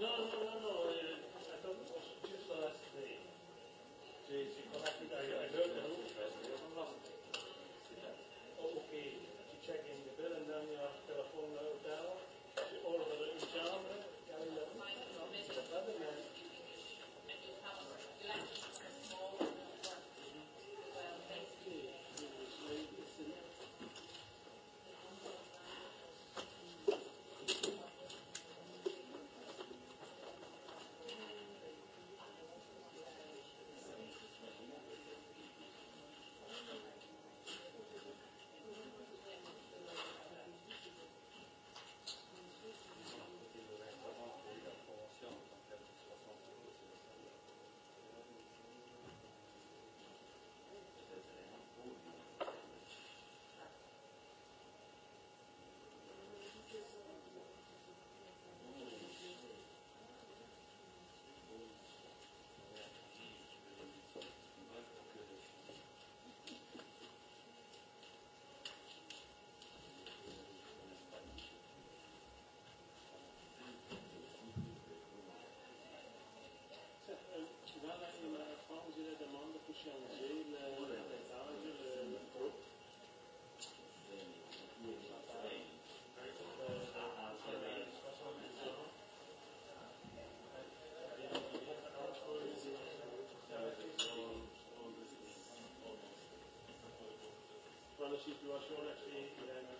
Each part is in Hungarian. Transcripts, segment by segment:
No, no, no. situación aquí,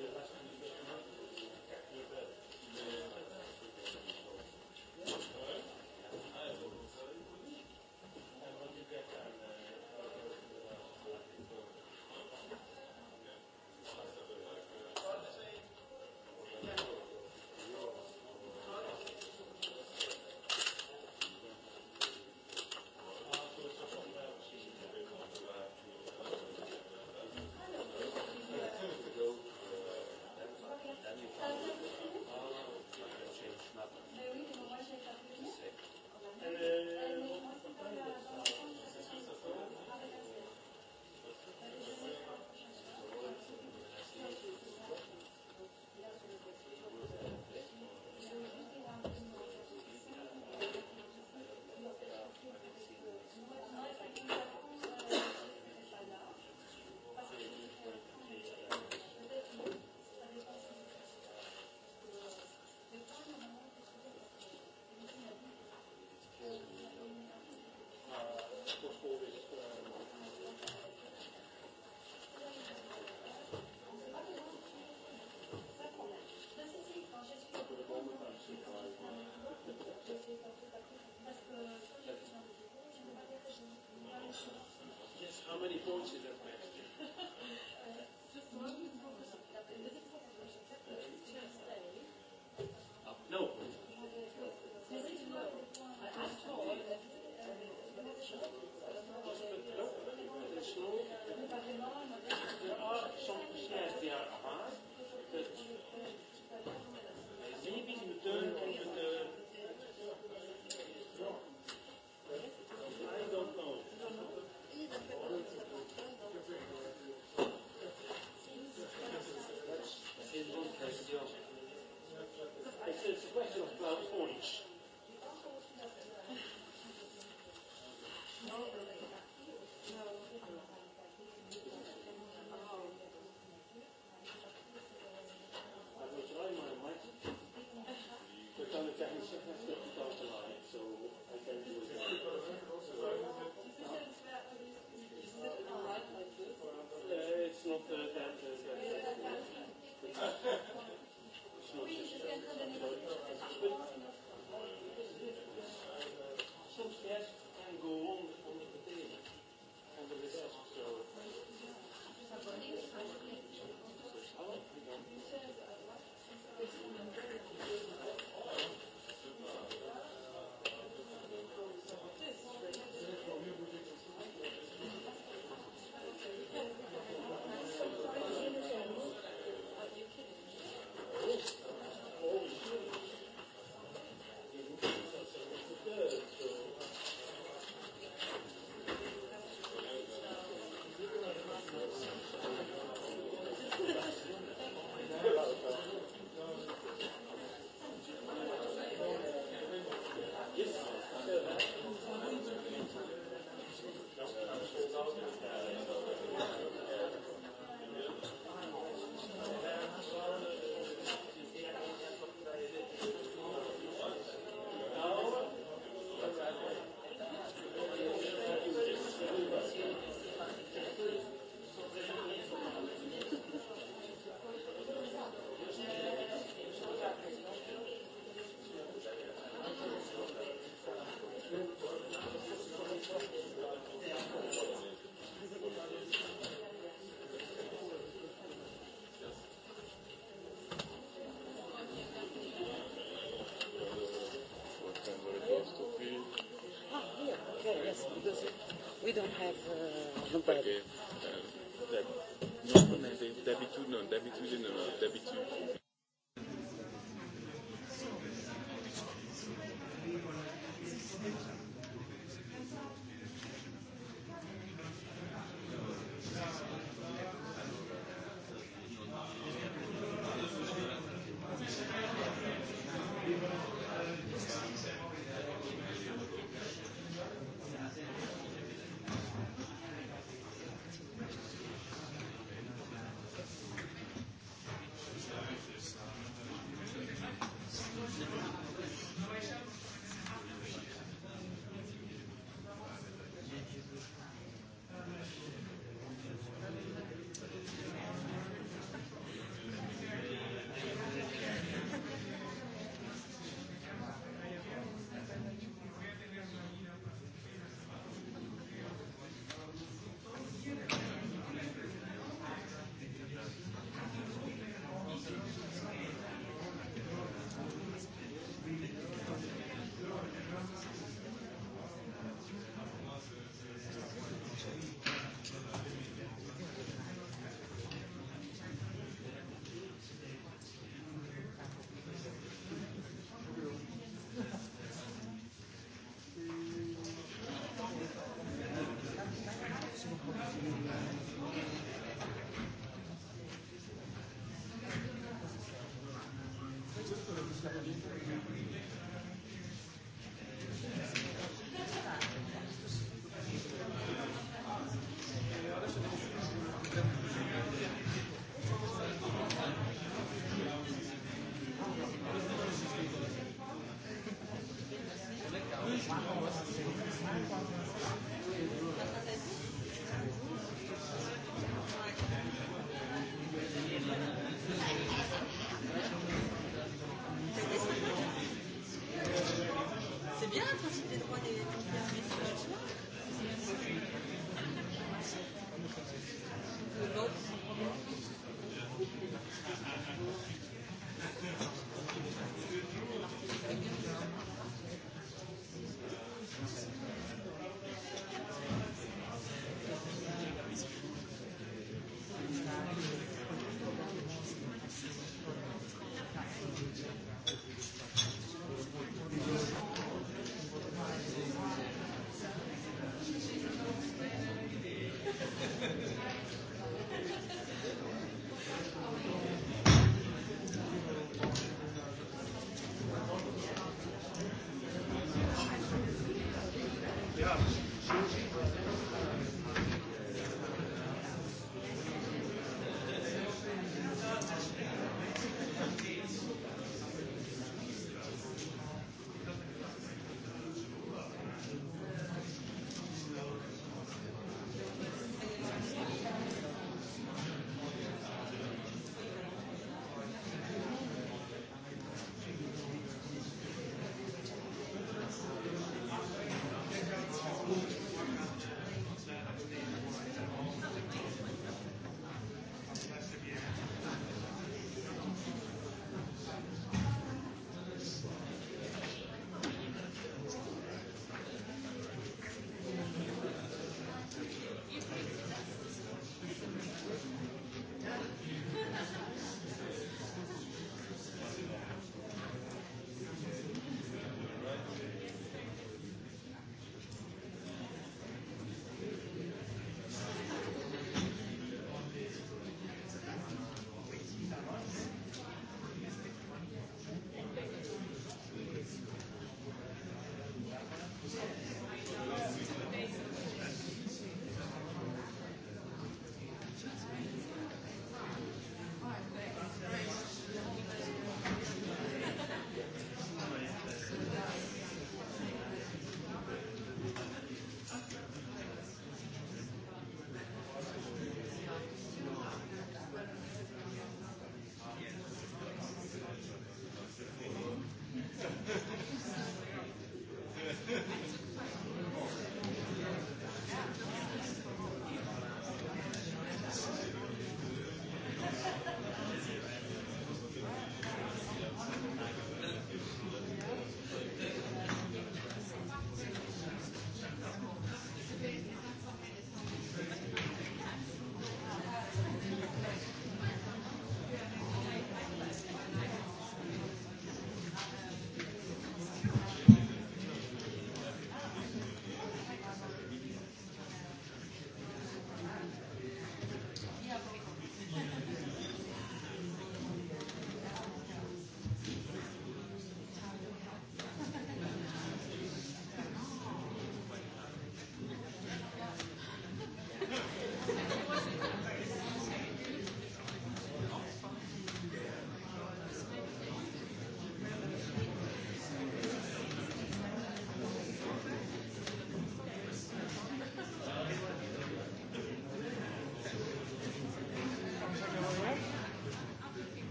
Yes, how many points is that? we don't have. Uh, euh, non perché eh, d'abitudine, d'abitudine.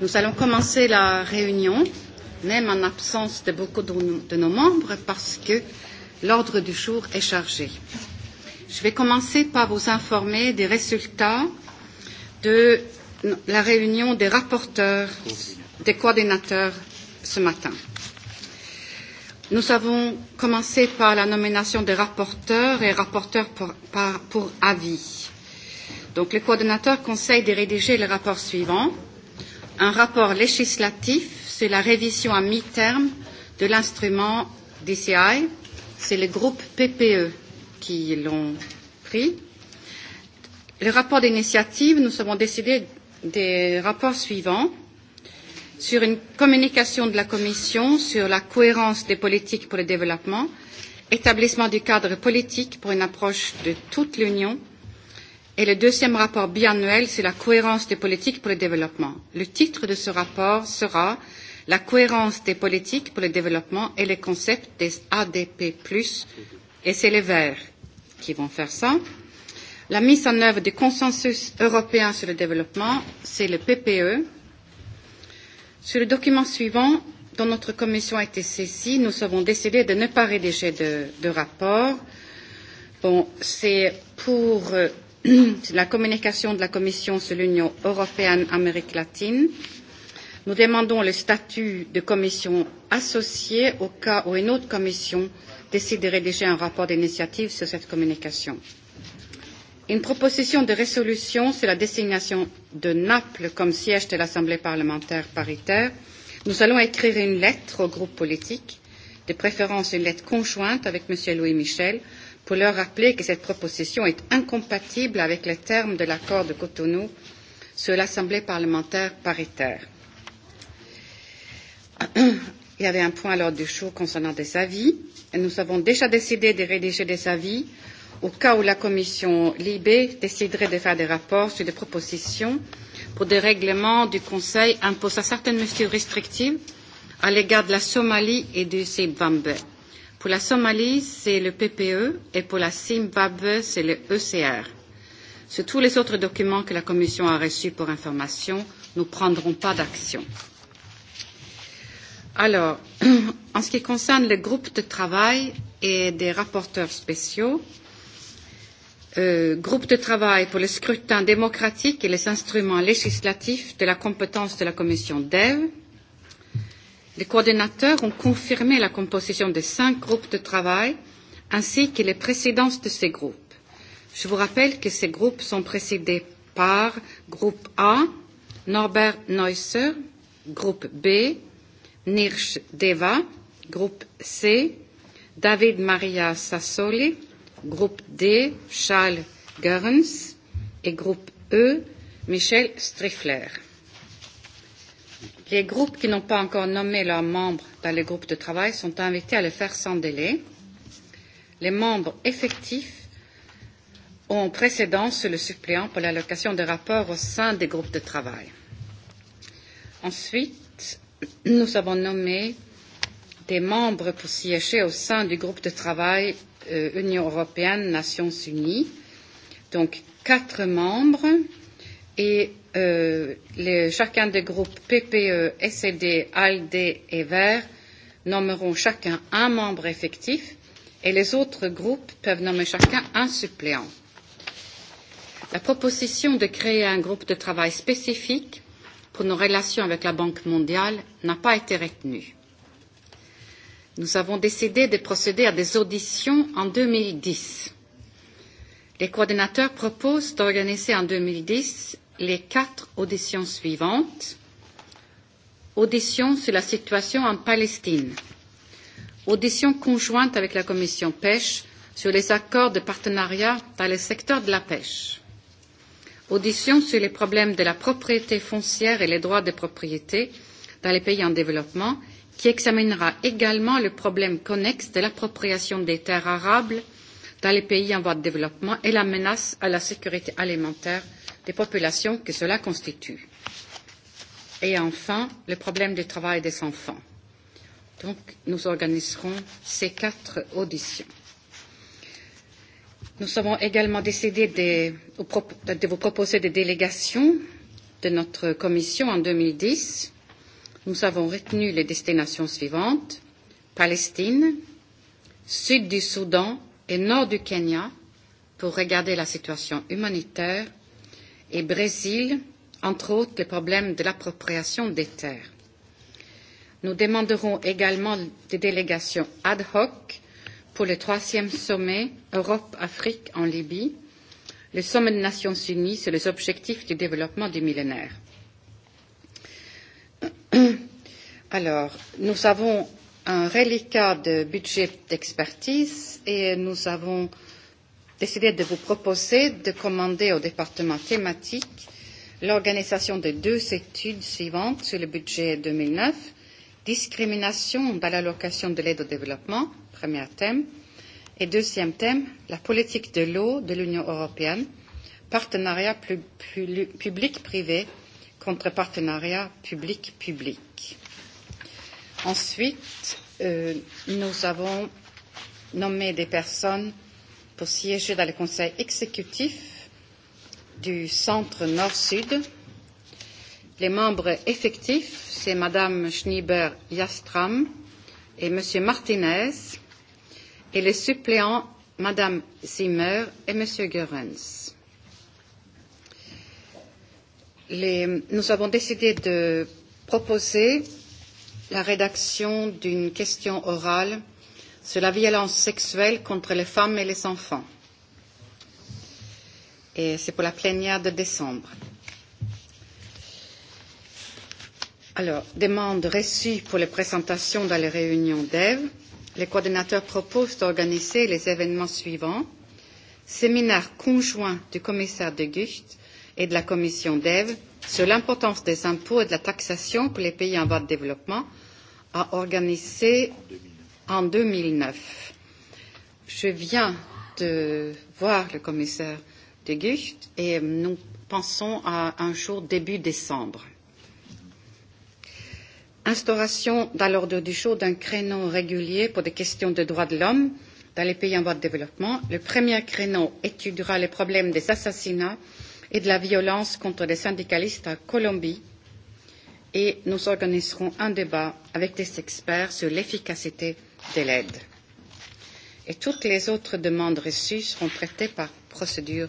Nous allons commencer la réunion, même en absence de beaucoup de, de nos membres, parce que l'ordre du jour est chargé. Je vais commencer par vous informer des résultats de la réunion des rapporteurs, des coordinateurs ce matin. Nous avons commencé par la nomination des rapporteurs et rapporteurs pour, par, pour avis. Donc, le coordinateur conseille de rédiger le rapport suivant un rapport législatif sur la révision à mi-terme de l'instrument DCI. C'est le groupe PPE qui l'ont pris. Le rapport d'initiative, nous avons décidé des rapports suivants sur une communication de la Commission sur la cohérence des politiques pour le développement, établissement du cadre politique pour une approche de toute l'Union Et le deuxième rapport biannuel sur la cohérence des politiques pour le développement. Le titre de ce rapport sera La cohérence des politiques pour le développement et les concepts des ADP+, et c'est les Verts qui vont faire ça. La mise en œuvre du consensus européen sur le développement, c'est le PPE. Sur le document suivant, dont notre commission a été saisie, nous avons décidé de ne pas rédiger de, de rapport. Bon, c'est pour euh, la communication de la Commission sur l'Union européenne Amérique latine, nous demandons le statut de commission associée au cas où une autre commission décide de rédiger un rapport d'initiative sur cette communication. Une proposition de résolution sur la désignation de Naples comme siège de l'Assemblée parlementaire paritaire. Nous allons écrire une lettre au groupe politique, de préférence une lettre conjointe avec M. Louis Michel, pour leur rappeler que cette proposition est incompatible avec les termes de l'accord de Cotonou sur l'Assemblée parlementaire paritaire. Il y avait un point à l'ordre du jour concernant des avis. Et nous avons déjà décidé de rédiger des avis au cas où la commission Libé déciderait de faire des rapports sur des propositions pour des règlements du Conseil imposant certaines mesures restrictives à l'égard de la Somalie et du Zimbabwe. Pour la Somalie, c'est le PPE et pour la Zimbabwe, c'est le ECR. Sur tous les autres documents que la Commission a reçus pour information, nous ne prendrons pas d'action. Alors, en ce qui concerne les groupes de travail et des rapporteurs spéciaux, euh, groupe de travail pour le scrutin démocratique et les instruments législatifs de la compétence de la commission DEV, Les coordinateurs ont confirmé la composition des cinq groupes de travail ainsi que les présidences de ces groupes. Je vous rappelle que ces groupes sont présidés par groupe A, Norbert Neusser, groupe B, Nirsch Deva, groupe C, David Maria Sassoli, groupe D, Charles Goerens et groupe E, Michel Striffler. Les groupes qui n'ont pas encore nommé leurs membres dans les groupes de travail sont invités à le faire sans délai. Les membres effectifs ont précédence sur le suppléant pour l'allocation des rapports au sein des groupes de travail. Ensuite, nous avons nommé des membres pour siéger au sein du groupe de travail euh, Union européenne-Nations unies. Donc, quatre membres et euh, les, chacun des groupes PPE, SED, ALD et Vert nommeront chacun un membre effectif et les autres groupes peuvent nommer chacun un suppléant. La proposition de créer un groupe de travail spécifique pour nos relations avec la Banque mondiale n'a pas été retenue. Nous avons décidé de procéder à des auditions en 2010. Les coordinateurs proposent d'organiser en 2010 les quatre auditions suivantes. Audition sur la situation en Palestine. Audition conjointe avec la commission pêche sur les accords de partenariat dans le secteur de la pêche. Audition sur les problèmes de la propriété foncière et les droits de propriété dans les pays en développement, qui examinera également le problème connexe de l'appropriation des terres arables dans les pays en voie de développement et la menace à la sécurité alimentaire des populations que cela constitue. Et enfin, le problème du travail des enfants. Donc, nous organiserons ces quatre auditions. Nous avons également décidé de, de vous proposer des délégations de notre commission en 2010. Nous avons retenu les destinations suivantes Palestine, Sud du Soudan et nord du Kenya pour regarder la situation humanitaire et Brésil, entre autres, le problème de l'appropriation des terres. Nous demanderons également des délégations ad hoc pour le troisième sommet Europe-Afrique en Libye, le sommet des Nations Unies sur les objectifs du développement du millénaire. Alors, nous avons un reliquat de budget d'expertise et nous avons décidé de vous proposer de commander au département thématique l'organisation de deux études suivantes sur le budget 2009, discrimination dans l'allocation de l'aide au développement, premier thème, et deuxième thème, la politique de l'eau de l'Union européenne, partenariat public-privé contre partenariat public-public. Ensuite, euh, nous avons nommé des personnes pour siéger dans le conseil exécutif du centre Nord-Sud. Les membres effectifs, c'est Madame Schnieber-Jastram et Monsieur Martinez, et les suppléants, Madame Zimmer et Monsieur Goerens. Les, nous avons décidé de proposer la rédaction d'une question orale sur la violence sexuelle contre les femmes et les enfants. Et c'est pour la plénière de décembre. Alors, demande reçue pour les présentations dans les réunions d'EV. Les coordinateurs proposent d'organiser les événements suivants. Séminaire conjoint du commissaire de Gucht et de la commission d'EV sur l'importance des impôts et de la taxation pour les pays en voie de développement – a organisé en 2009. Je viens de voir le commissaire de Gucht et nous pensons à un jour début décembre. Instauration à l'ordre du jour d'un créneau régulier pour des questions de droits de l'homme dans les pays en voie de développement. Le premier créneau étudiera les problèmes des assassinats et de la violence contre les syndicalistes en Colombie et nous organiserons un débat avec des experts sur l'efficacité de l'aide. Et toutes les autres demandes reçues seront traitées par procédure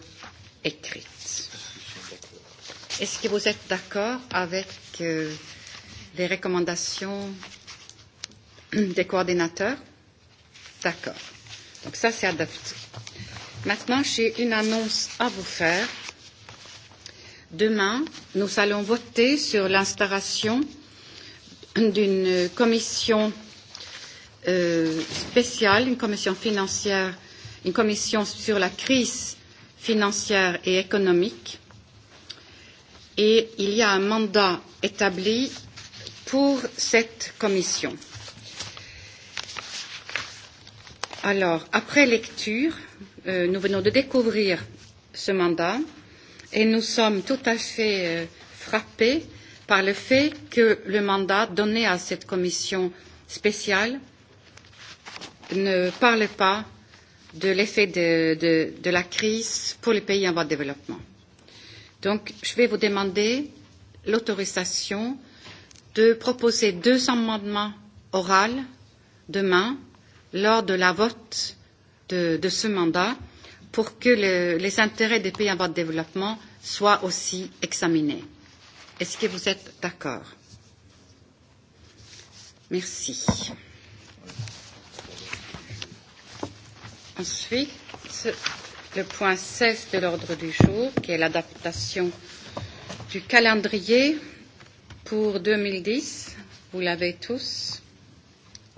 écrite. Est-ce que vous êtes d'accord avec euh, les recommandations des coordinateurs D'accord. Donc ça, c'est adopté. Maintenant, j'ai une annonce à vous faire. Demain, nous allons voter sur l'instauration d'une commission euh, spéciale, une commission financière, une commission sur la crise financière et économique. Et il y a un mandat établi pour cette commission. Alors, après lecture, euh, nous venons de découvrir ce mandat et nous sommes tout à fait euh, frappés par le fait que le mandat donné à cette commission spéciale ne parle pas de l'effet de, de, de la crise pour les pays en voie de développement. Donc, je vais vous demander l'autorisation de proposer deux amendements oraux demain lors de la vote de, de ce mandat pour que le, les intérêts des pays en voie de développement soient aussi examinés. Est-ce que vous êtes d'accord Merci. Ensuite, le point 16 de l'ordre du jour, qui est l'adaptation du calendrier pour 2010. Vous l'avez tous.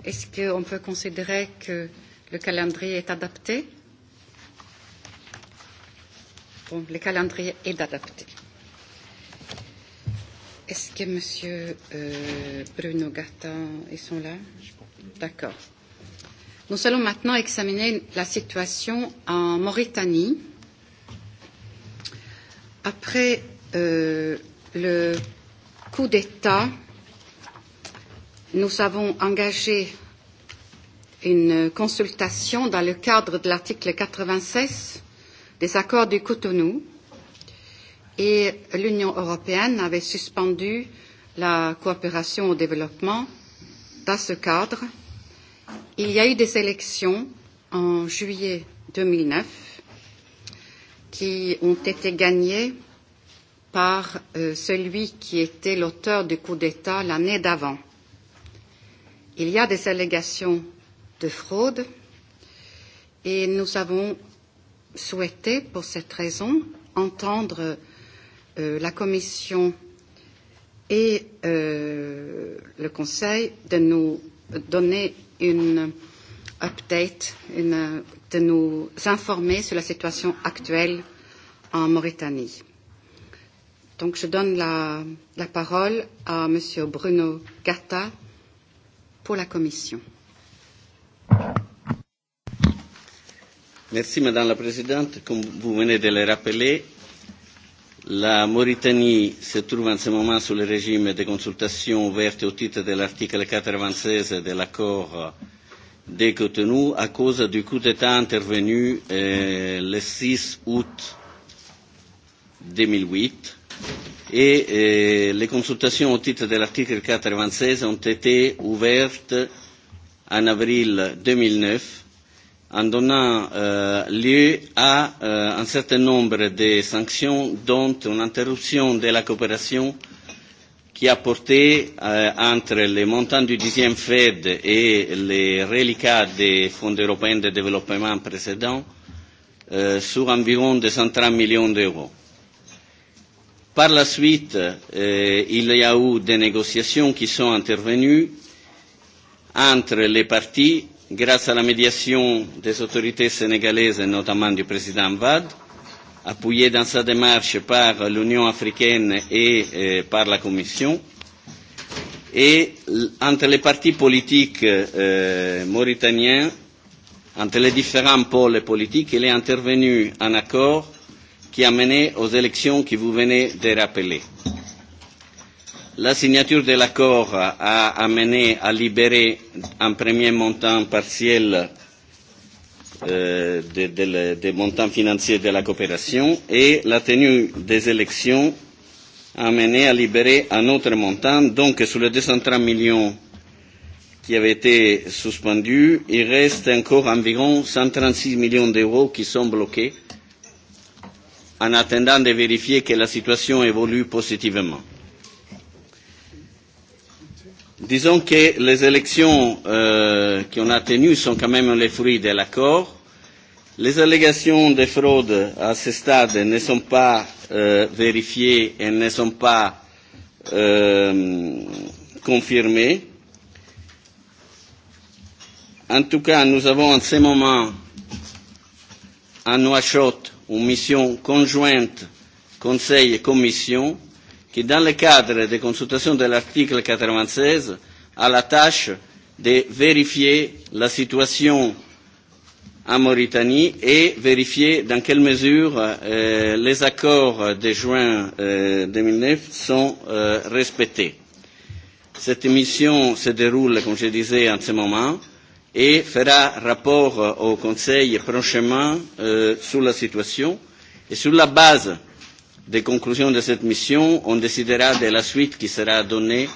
Est-ce qu'on peut considérer que le calendrier est adapté Donc le calendrier est adapté. Est-ce que Monsieur euh, Bruno Gattin, ils sont là D'accord. Nous allons maintenant examiner la situation en Mauritanie. Après euh, le coup d'État, nous avons engagé une consultation dans le cadre de l'article 96 des accords de Cotonou et l'Union européenne avait suspendu la coopération au développement dans ce cadre. Il y a eu des élections en juillet 2009 qui ont été gagnées par euh, celui qui était l'auteur du coup d'État l'année d'avant. Il y a des allégations de fraude et nous avons souhaité, pour cette raison, entendre euh, la Commission et euh, le Conseil de nous donner une update, une, de nous informer sur la situation actuelle en Mauritanie. Donc je donne la, la parole à Monsieur Bruno Gatta pour la Commission. Merci Madame la Présidente. Comme vous venez de le rappeler, la Mauritanie se trouve en ce moment sous le régime de consultation ouverte au titre de l'article 96 de l'accord de Cotonou à cause du coup d'État intervenu euh, le 6 août 2008 et euh, les consultations au titre de l'article 96 ont été ouvertes en avril 2009 en donnant euh, lieu à euh, un certain nombre de sanctions, dont une interruption de la coopération qui a porté euh, entre les montants du dixième Fed et les reliquats des fonds européens de développement précédents euh, sur environ 230 millions d'euros. Par la suite, euh, il y a eu des négociations qui sont intervenues entre les parties grâce à la médiation des autorités sénégalaises et notamment du président Wade, appuyé dans sa démarche par l'Union africaine et euh, par la Commission, et entre les partis politiques euh, mauritaniens, entre les différents pôles politiques, il est intervenu un accord qui a mené aux élections que vous venez de rappeler. La signature de l'accord a amené à libérer un premier montant partiel euh, des de, de, de montants financiers de la coopération et la tenue des élections a amené à libérer un autre montant. Donc, sur les 230 millions qui avaient été suspendus, il reste encore environ 136 millions d'euros qui sont bloqués en attendant de vérifier que la situation évolue positivement. Disons que les élections euh, qu'on a tenues sont quand même les fruits de l'accord. Les allégations de fraude à ce stade ne sont pas euh, vérifiées et ne sont pas euh, confirmées. En tout cas, nous avons en ce moment à Nouakchott une mission conjointe Conseil et Commission qui, dans le cadre des consultations de l'article 96, a la tâche de vérifier la situation en Mauritanie et vérifier dans quelle mesure euh, les accords de juin euh, 2009 sont euh, respectés. Cette mission se déroule, comme je disais, en ce moment et fera rapport au Conseil prochainement euh, sur la situation et sur la base euh, des conclusions de cette mission, on décidera de la suite qui sera donnée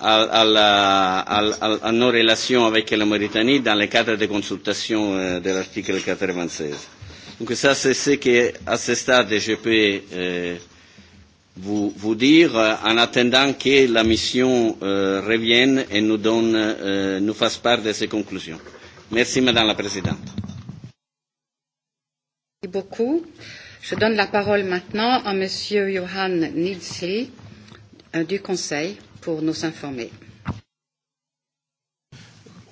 à, à, la, à, à, à nos relations avec la Mauritanie dans le cadre des consultations euh, de l'article 96. Donc ça, c'est ce que, à ce stade, je peux euh, vous, vous dire, en attendant que la mission euh, revienne et nous, donne, euh, nous fasse part de ses conclusions. Merci, Madame la Présidente. Merci beaucoup. Je donne la parole maintenant à Monsieur Johan Nidsli euh, du Conseil pour nous informer.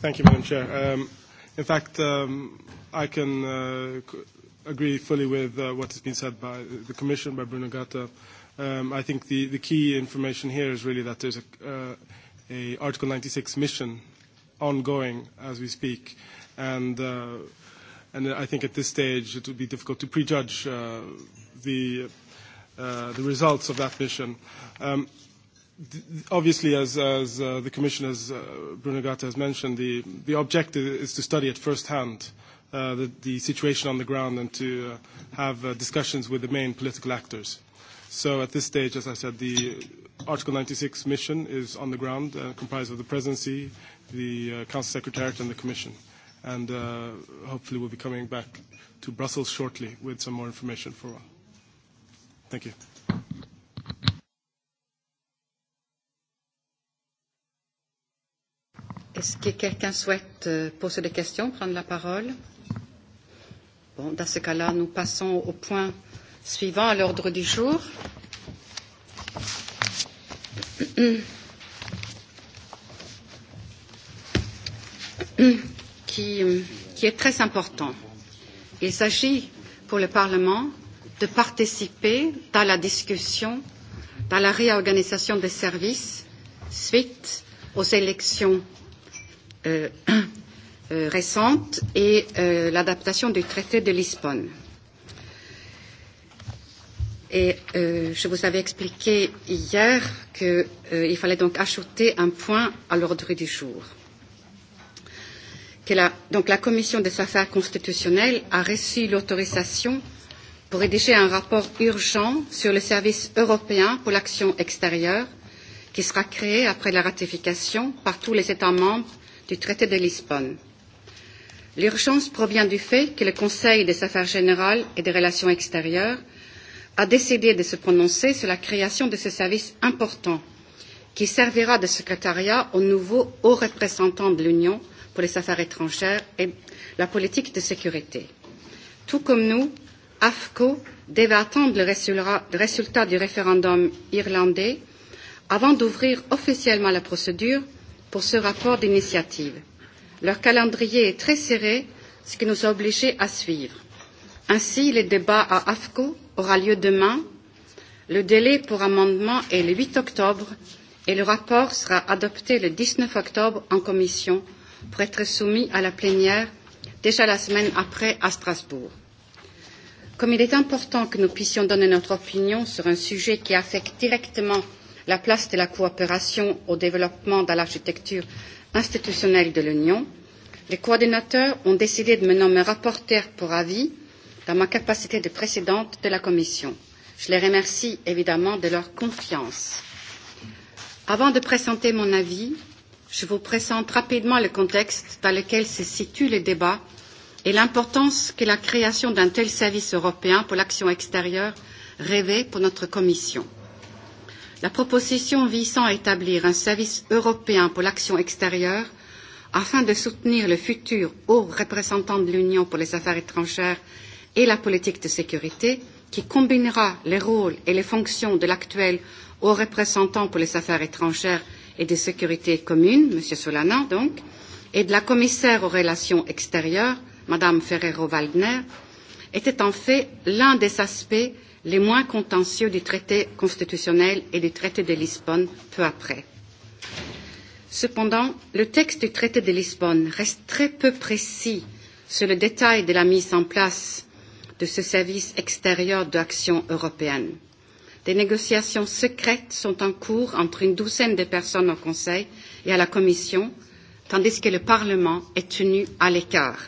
Thank you, Madam Chair. Um, in fact, um, I can uh, agree fully with uh, what has been said by the Commission, by Bruno Gatta. Um, I think the, the key information here is really that there's a, uh, a Article 96 mission ongoing as we speak, and uh, And I think at this stage it would be difficult to prejudge uh, the, uh, the results of that mission. Um, obviously, as, as uh, the Commissioner, uh, Bruno Gatta, has mentioned, the, the objective is to study it firsthand, uh, the, the situation on the ground and to uh, have uh, discussions with the main political actors. So at this stage, as I said, the Article 96 mission is on the ground, uh, comprised of the Presidency, the uh, Council Secretariat, and the Commission and uh, hopefully we'll be coming back to Brussels shortly with some more information for all. Thank you. Est-ce que quelqu'un souhaite euh, poser des questions, prendre la parole Bon, dans ce cas-là, nous passons au point suivant à l'ordre du jour. Mm qui, euh, qui est très important. Il s'agit pour le Parlement de participer à la discussion dans la réorganisation des services suite aux élections euh, euh, récentes et euh, l'adaptation du traité de Lisbonne. Et euh, je vous avais expliqué hier qu'il euh, fallait donc ajouter un point à l'ordre du jour que la, donc la Commission des affaires constitutionnelles a reçu l'autorisation pour rédiger un rapport urgent sur le service européen pour l'action extérieure qui sera créé après la ratification par tous les États membres du traité de Lisbonne. L'urgence provient du fait que le Conseil des affaires générales et des relations extérieures a décidé de se prononcer sur la création de ce service important qui servira de secrétariat au nouveau haut représentant de l'Union pour les affaires étrangères et la politique de sécurité. Tout comme nous, AFCO devait attendre le résultat, du référendum irlandais avant d'ouvrir officiellement la procédure pour ce rapport d'initiative. Leur calendrier est très serré, ce qui nous a obligés à suivre. Ainsi, le débat à AFCO aura lieu demain. Le délai pour amendement est le 8 octobre et le rapport sera adopté le 19 octobre en commission pour être soumis à la plénière déjà la semaine après à Strasbourg. Comme il est important que nous puissions donner notre opinion sur un sujet qui affecte directement la place de la coopération au développement dans l'architecture institutionnelle de l'Union, les coordinateurs ont décidé de me nommer rapporteur pour avis dans ma capacité de présidente de la Commission. Je les remercie évidemment de leur confiance. Avant de présenter mon avis, je vous présente rapidement le contexte dans lequel se situe le débat et l'importance que la création d'un tel service européen pour l'action extérieure rêvait pour notre Commission. La proposition visant à établir un service européen pour l'action extérieure afin de soutenir le futur haut représentant de l'Union pour les affaires étrangères et la politique de sécurité, qui combinera les rôles et les fonctions de l'actuel haut représentant pour les affaires étrangères et de sécurité commune, M. Solana donc, et de la commissaire aux relations extérieures, Mme Ferrero-Waldner, était en fait l'un des aspects les moins contentieux du traité constitutionnel et du traité de Lisbonne peu après. Cependant, le texte du traité de Lisbonne reste très peu précis sur le détail de la mise en place de ce service extérieur d'action européenne. Des négociations secrètes sont en cours entre une douzaine de personnes au Conseil et à la Commission, tandis que le Parlement est tenu à l'écart.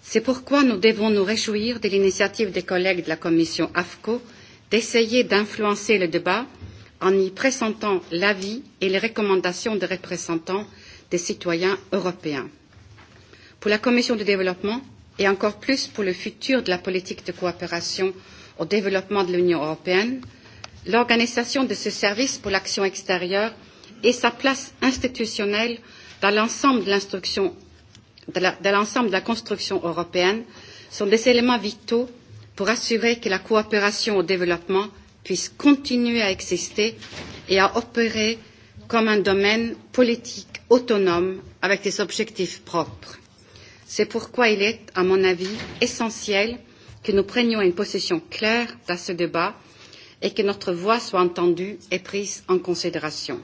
C'est pourquoi nous devons nous réjouir de l'initiative des collègues de la commission AFCO d'essayer d'influencer le débat en y présentant l'avis et les recommandations des représentants des citoyens européens. Pour la commission du développement et encore plus pour le futur de la politique de coopération au développement de l'Union européenne, l'organisation de ce service pour l'action extérieure et sa place institutionnelle dans l'ensemble de, de, de la construction européenne sont des éléments vitaux pour assurer que la coopération au développement puisse continuer à exister et à opérer comme un domaine politique autonome avec des objectifs propres. C'est pourquoi il est, à mon avis, essentiel que nous prenions une position claire dans ce débat et que notre voix soit entendue et prise en considération.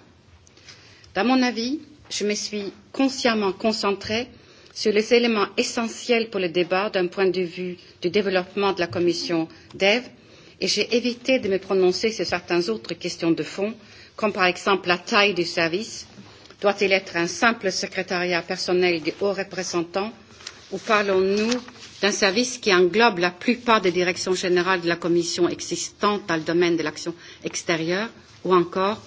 Dans mon avis, je me suis consciemment concentrée sur les éléments essentiels pour le débat d'un point de vue du développement de la commission DEV et j'ai évité de me prononcer sur certaines autres questions de fond, comme par exemple la taille du service. Doit-il être un simple secrétariat personnel du haut représentant ou parlons-nous d'un service qui englobe la plupart des directions générales de la Commission existantes dans le domaine de l'action extérieure ou encore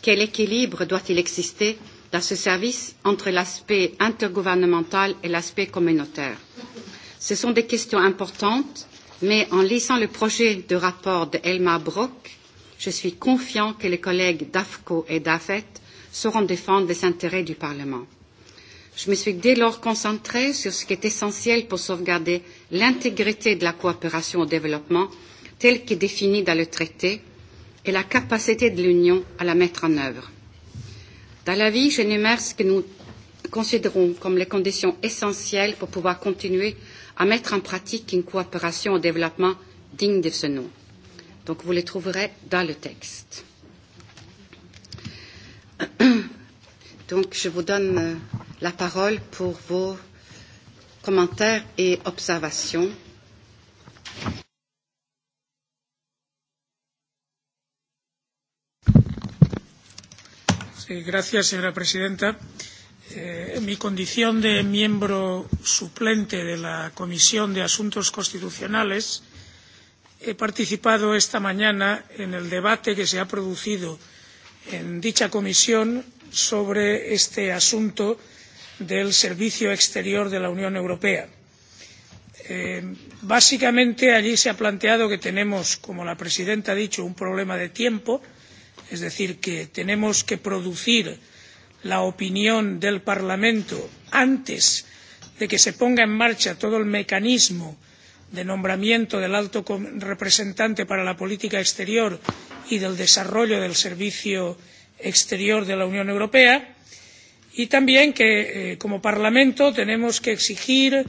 quel équilibre doit-il exister dans ce service entre l'aspect intergouvernemental et l'aspect communautaire Ce sont des questions importantes, mais en lisant le projet de rapport de Elmar Brok, je suis confiant que les collègues d'AFCO et d'AFET sauront défendre les intérêts du Parlement. Je me suis dès lors concentrée sur ce qui est essentiel pour sauvegarder l'intégrité de la coopération au développement telle que définie dans le traité et la capacité de l'Union à la mettre en œuvre. Dans l'avis, j'énumère ce que nous considérons comme les conditions essentielles pour pouvoir continuer à mettre en pratique une coopération au développement digne de ce nom. Donc vous les trouverez dans le texte. Donc, je vous donne euh, la parole pour vos commentaires et observations. Sí, gracias, señora presidenta. Eh, en mi condición de miembro suplente de la Comisión de Asuntos Constitucionales, he participado esta mañana en el debate que se ha producido en dicha comisión sobre este asunto del servicio exterior de la unión europea. Eh, básicamente allí se ha planteado que tenemos como la presidenta ha dicho un problema de tiempo es decir que tenemos que producir la opinión del parlamento antes de que se ponga en marcha todo el mecanismo de nombramiento del alto representante para la política exterior y del desarrollo del servicio exterior de la unión europea y también que eh, como parlamento tenemos que exigir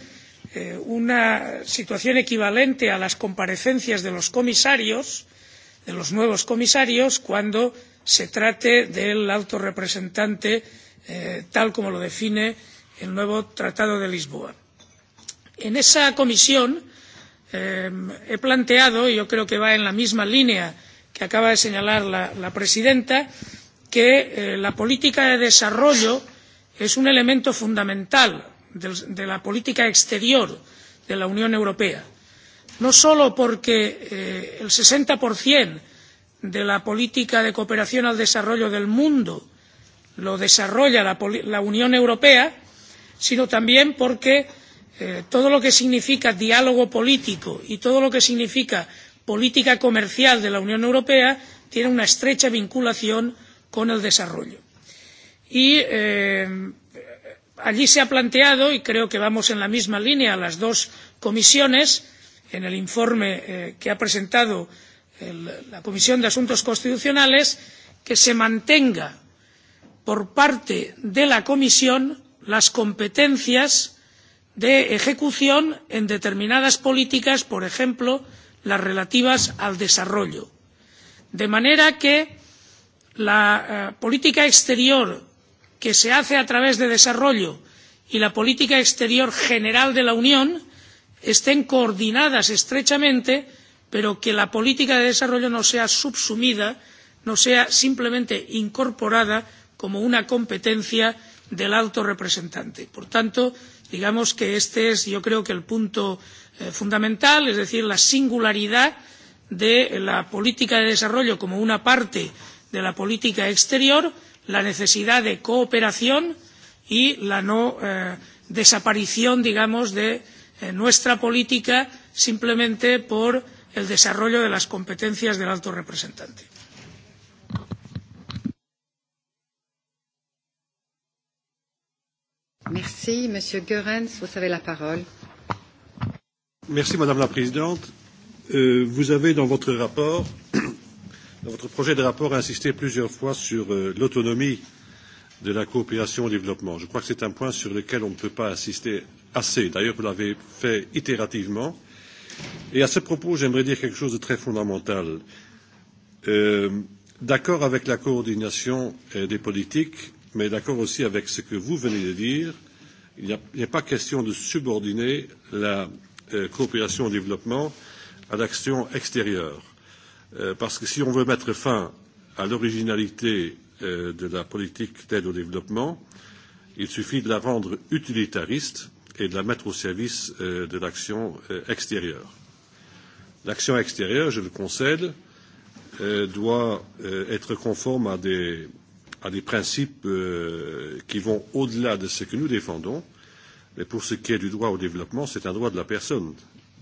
eh, una situación equivalente a las comparecencias de los comisarios de los nuevos comisarios cuando se trate del alto representante eh, tal como lo define el nuevo tratado de lisboa. en esa comisión eh, he planteado, y yo creo que va en la misma línea que acaba de señalar la, la presidenta, que eh, la política de desarrollo es un elemento fundamental de, de la política exterior de la Unión Europea. No solo porque eh, el 60% de la política de cooperación al desarrollo del mundo lo desarrolla la, la Unión Europea, sino también porque Eh, todo lo que significa diálogo político y todo lo que significa política comercial de la Unión Europea tiene una estrecha vinculación con el desarrollo. Y eh, allí se ha planteado, y creo que vamos en la misma línea las dos comisiones, en el informe eh, que ha presentado el, la Comisión de Asuntos Constitucionales, que se mantenga por parte de la Comisión las competencias de ejecución en determinadas políticas por ejemplo las relativas al desarrollo de manera que la eh, política exterior que se hace a través de desarrollo y la política exterior general de la unión estén coordinadas estrechamente pero que la política de desarrollo no sea subsumida no sea simplemente incorporada como una competencia del alto representante. por tanto digamos que este es yo creo que el punto eh, fundamental es decir la singularidad de la política de desarrollo como una parte de la política exterior la necesidad de cooperación y la no eh, desaparición digamos de eh, nuestra política simplemente por el desarrollo de las competencias del alto representante. Merci. Monsieur Goerens, vous avez la parole. Merci, Madame la Présidente. Euh, vous avez dans votre rapport, dans votre projet de rapport, insisté plusieurs fois sur euh, l'autonomie de la coopération au développement. Je crois que c'est un point sur lequel on ne peut pas insister assez. D'ailleurs, vous l'avez fait itérativement. Et à ce propos, j'aimerais dire quelque chose de très fondamental. Euh, D'accord avec la coordination euh, des politiques, mais d'accord aussi avec ce que vous venez de dire. Il n'est pas question de subordonner la euh, coopération au développement à l'action extérieure. Euh, parce que si on veut mettre fin à l'originalité euh, de la politique d'aide au développement, il suffit de la rendre utilitariste et de la mettre au service euh, de l'action euh, extérieure. L'action extérieure, je le concède, euh, doit euh, être conforme à des à des principes euh, qui vont au-delà de ce que nous défendons. Mais pour ce qui est du droit au développement, c'est un droit de la personne.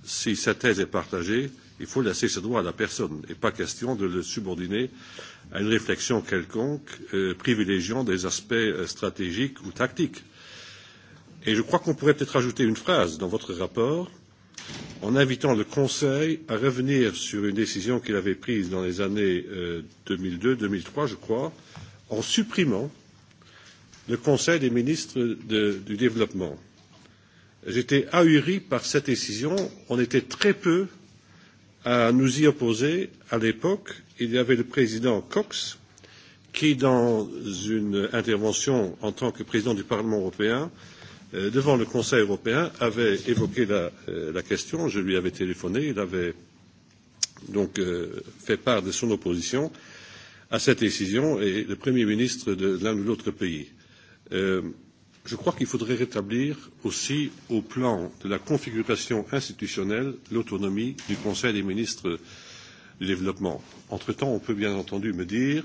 Si sa thèse est partagée, il faut laisser ce droit à la personne et pas question de le subordonner à une réflexion quelconque euh, privilégiant des aspects euh, stratégiques ou tactiques. Et je crois qu'on pourrait peut-être ajouter une phrase dans votre rapport en invitant le Conseil à revenir sur une décision qu'il avait prise dans les années euh, 2002-2003, je crois, euh, en supprimant le Conseil des ministres de, du développement. J'étais ahuri par cette décision. On était très peu à nous y opposer à l'époque. Il y avait le président Cox qui, dans une intervention en tant que président du Parlement européen, euh, devant le Conseil européen, avait évoqué la, euh, la question. Je lui avais téléphoné. Il avait donc euh, fait part de son opposition. Euh, à cette décision et le Premier ministre de l'un ou l'autre pays. Euh, je crois qu'il faudrait rétablir aussi au plan de la configuration institutionnelle l'autonomie du Conseil des ministres du développement. Entre-temps, on peut bien entendu me dire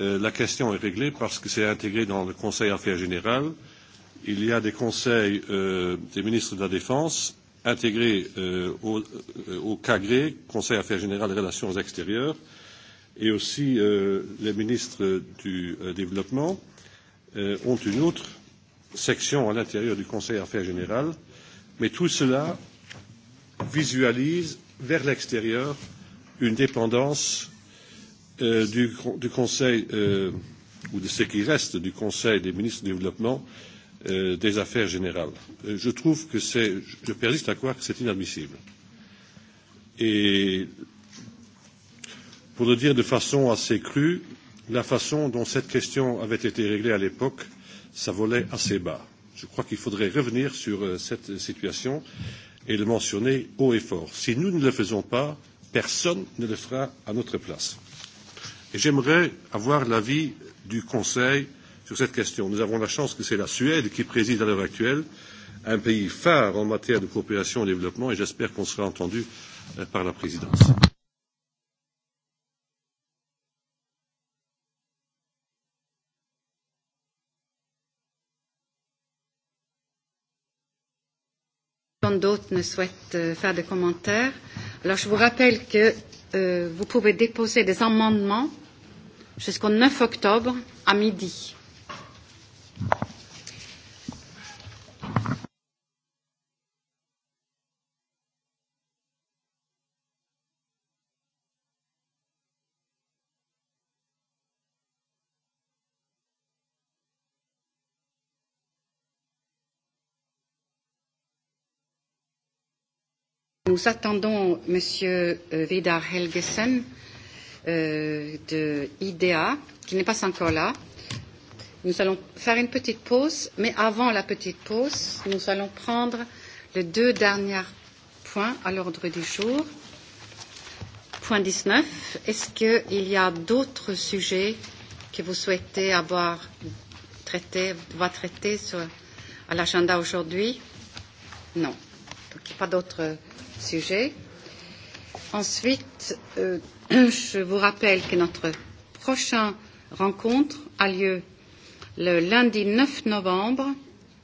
euh, la question est réglée parce que c'est intégré dans le Conseil Affaires Générales. Il y a des conseils euh, des ministres de la Défense intégrés euh, au, euh, au CAGRE, Conseil Affaires Générales et Relations Extérieures, euh, et aussi euh, les ministres du euh, développement euh, ont une autre section à l'intérieur du Conseil Affaires générales, mais tout cela visualise vers l'extérieur une dépendance euh, du, du Conseil euh, ou de ce qui reste du Conseil des ministres du développement euh, des affaires générales. Euh, je trouve que c'est, je persiste à croire que c'est inadmissible. Et pour le dire de façon assez crue, la façon dont cette question avait été réglée à l'époque, ça volait assez bas. Je crois qu'il faudrait revenir sur euh, cette situation et le mentionner haut et fort. Si nous ne le faisons pas, personne ne le fera à notre place. Et j'aimerais avoir l'avis du Conseil sur cette question. Nous avons la chance que c'est la Suède qui préside à l'heure actuelle, un pays phare en matière de coopération au développement, et j'espère qu'on sera entendu euh, par la présidence. D'autres ne souhaitent euh, faire de commentaires. Alors je vous rappelle que euh, vous pouvez déposer des amendements jusqu'au 9 octobre à midi. Nous attendons M. Euh, Vidar Helgesen euh, de IDEA, qui n'est pas encore là. Nous allons faire une petite pause, mais avant la petite pause, nous allons prendre les deux derniers points à l'ordre du jour. Point 19. Est-ce qu'il y a d'autres sujets que vous souhaitez avoir traités, voir traités à l'agenda aujourd'hui Non pas d'autres sujets. Ensuite, euh, je vous rappelle que notre prochaine rencontre a lieu le lundi 9 novembre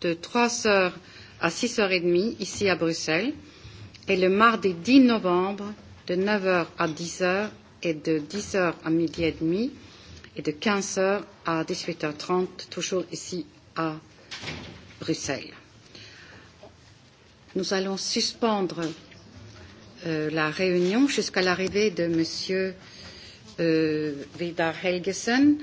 de 3h à 6h30 ici à Bruxelles et le mardi 10 novembre de 9h à 10h et de 10h à midi et demi et de 15h à 18h30 toujours ici à Bruxelles. Nous allons suspendre euh, la réunion jusqu'à l'arrivée de Monsieur euh, Vidar Helgesen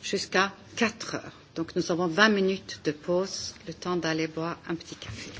jusqu'à 4 heures. Donc nous avons 20 minutes de pause, le temps d'aller boire un petit café.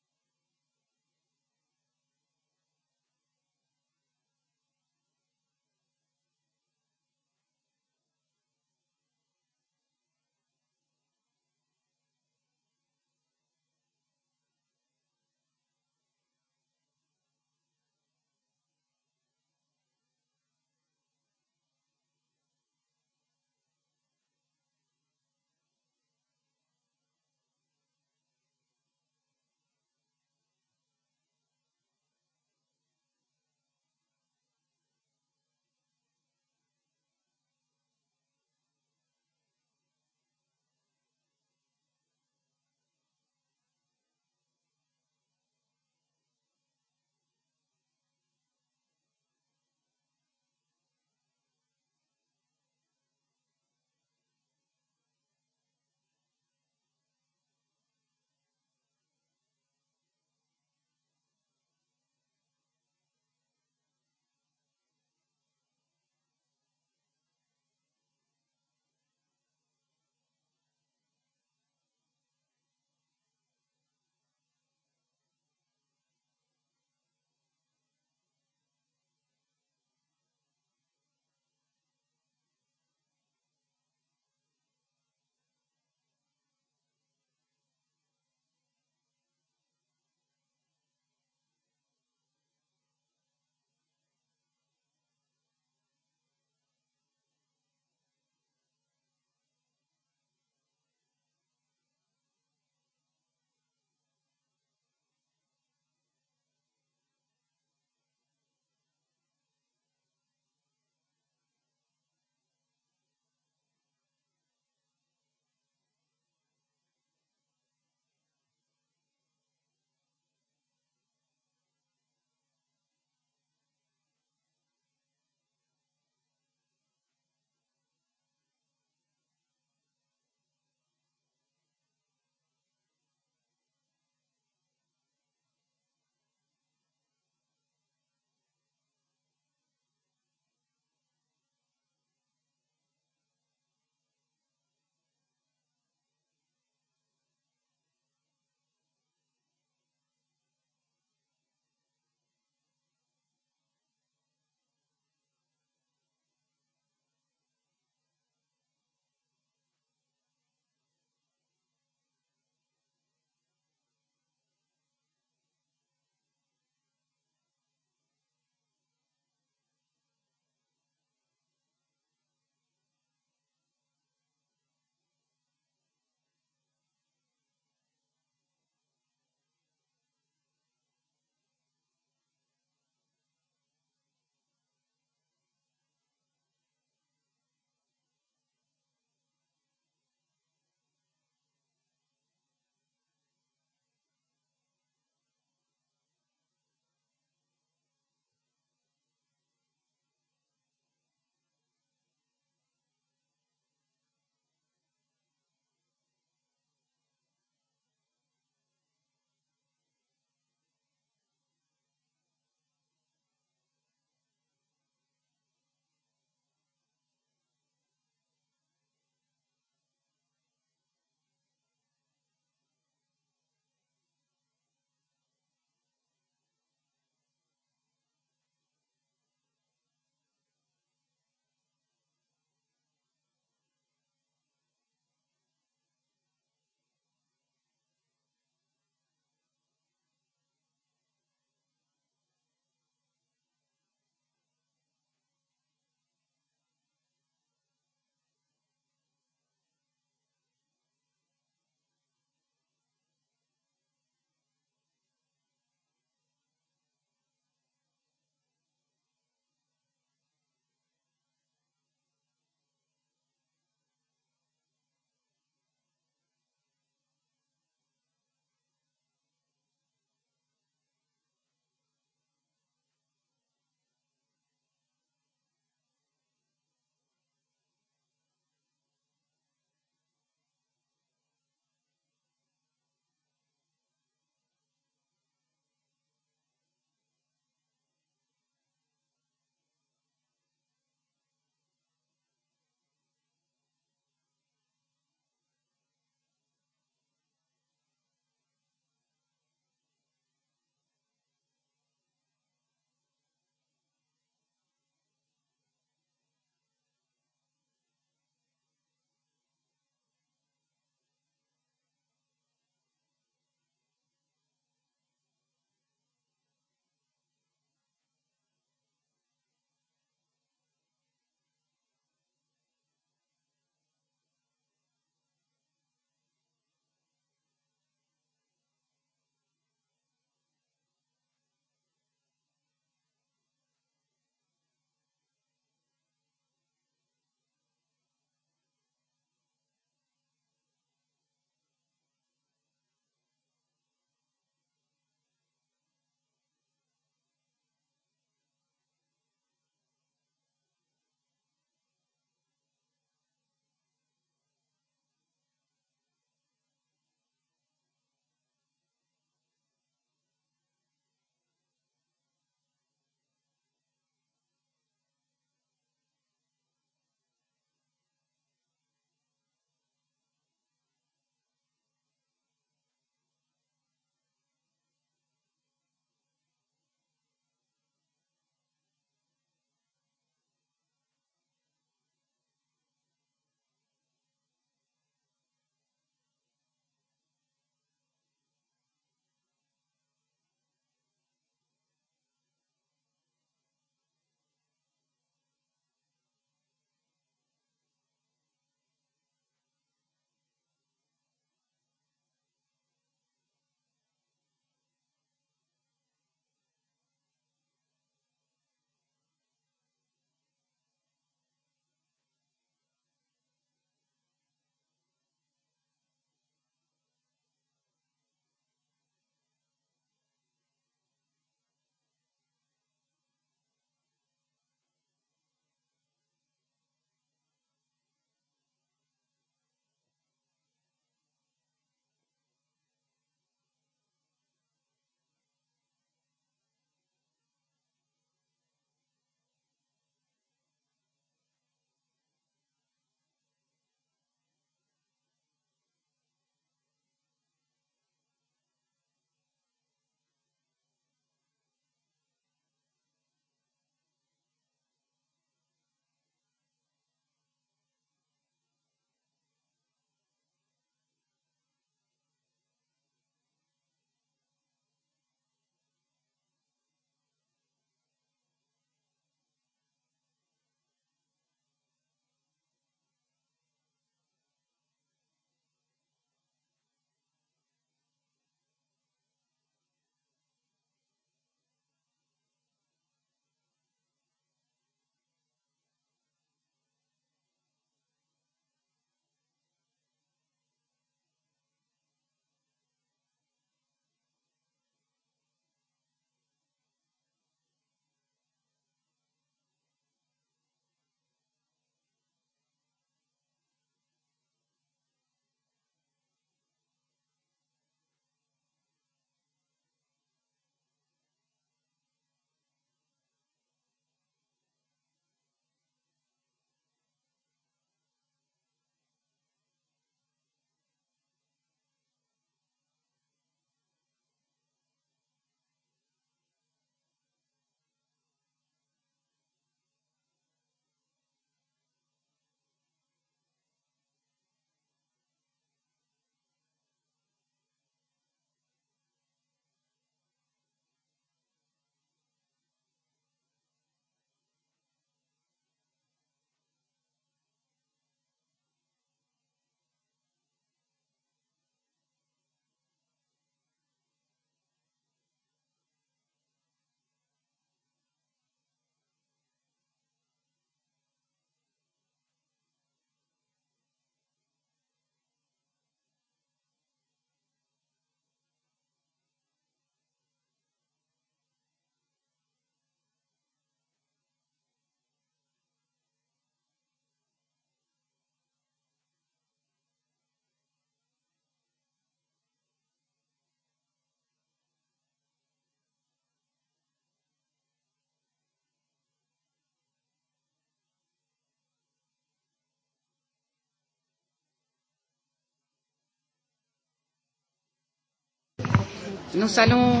Nous allons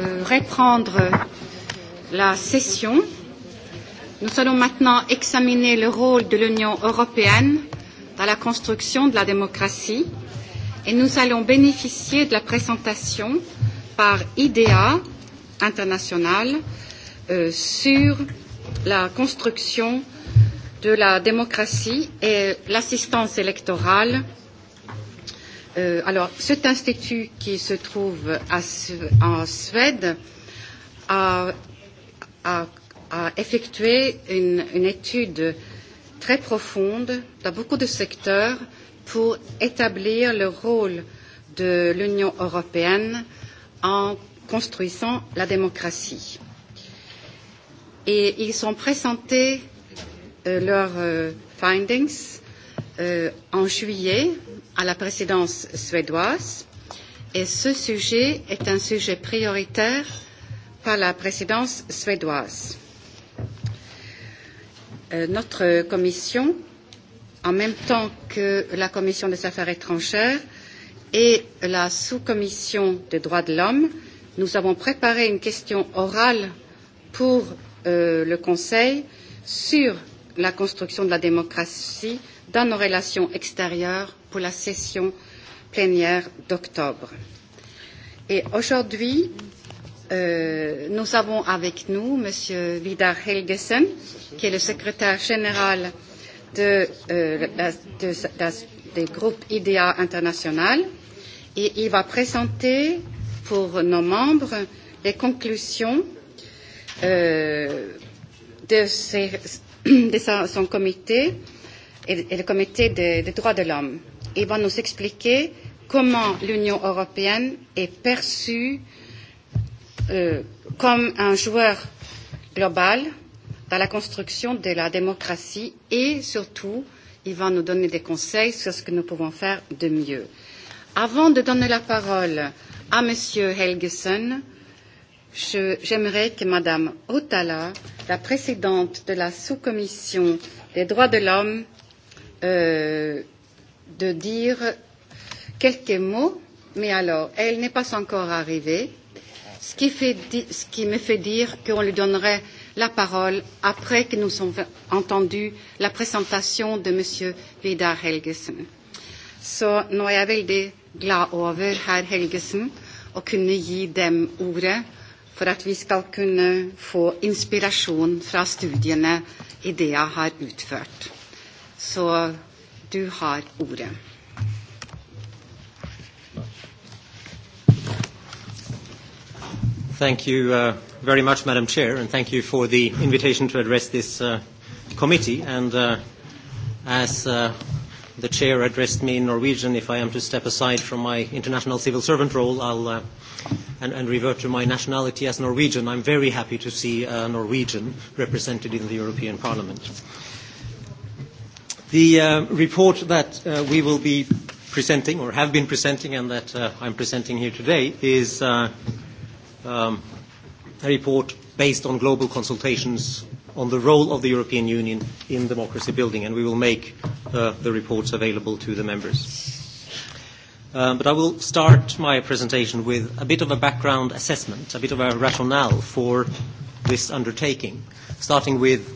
euh, reprendre la session. Nous allons maintenant examiner le rôle de l'Union européenne dans la construction de la démocratie et nous allons bénéficier de la présentation par IDEA international euh, sur la construction de la démocratie et l'assistance électorale euh, Euh, alors, cet institut qui se trouve à, en Suède a, a, a effectué une, une étude très profonde dans beaucoup de secteurs pour établir le rôle de l'Union européenne en construisant la démocratie. Et ils ont présenté euh, leurs euh, findings euh, en juillet à la présidence suédoise et ce sujet est un sujet prioritaire par la présidence suédoise. Euh, notre commission, en même temps que la commission des affaires étrangères et la sous-commission des droits de l'homme, nous avons préparé une question orale pour euh, le Conseil sur la construction de la démocratie dans nos relations extérieures pour la session plénière d'octobre. Et aujourd'hui, euh, nous avons avec nous M. Vidar Helgesen, qui est le secrétaire général de, euh, de, de, de, de groupe IDEA international, et il va présenter pour nos membres les conclusions euh, de, ses, de son comité et, et le comité des de droits de l'homme il va nous expliquer comment l'Union européenne est perçue euh, comme un joueur global dans la construction de la démocratie et surtout, il va nous donner des conseils sur ce que nous pouvons faire de mieux. Avant de donner la parole à M. Helgesen, j'aimerais que Mme Otala, la présidente de la sous-commission des droits de l'homme, euh, de dire quelques mots, mais alors, elle n'est pas encore arrivée, ce qui, fait, ce qui me fait dire qu'on lui donnerait la parole après que nous avons entendu la présentation de M. Vidar Helgesen. Så nå er jeg veldig glad over, herr Helgesen, å kunne gi dem ordet for at vi skal kunne få inspirasjon fra studiene IDEA har utført. Så Du har ordet. Thank you uh, very much, Madam Chair, and thank you for the invitation to address this uh, committee. And uh, as uh, the chair addressed me in Norwegian, if I am to step aside from my international civil servant role, I'll uh, and, and revert to my nationality as Norwegian. I'm very happy to see a uh, Norwegian represented in the European Parliament. The uh, report that uh, we will be presenting, or have been presenting, and that uh, I'm presenting here today, is uh, um, a report based on global consultations on the role of the European Union in democracy building, and we will make uh, the reports available to the members. Um, but I will start my presentation with a bit of a background assessment, a bit of a rationale for this undertaking, starting with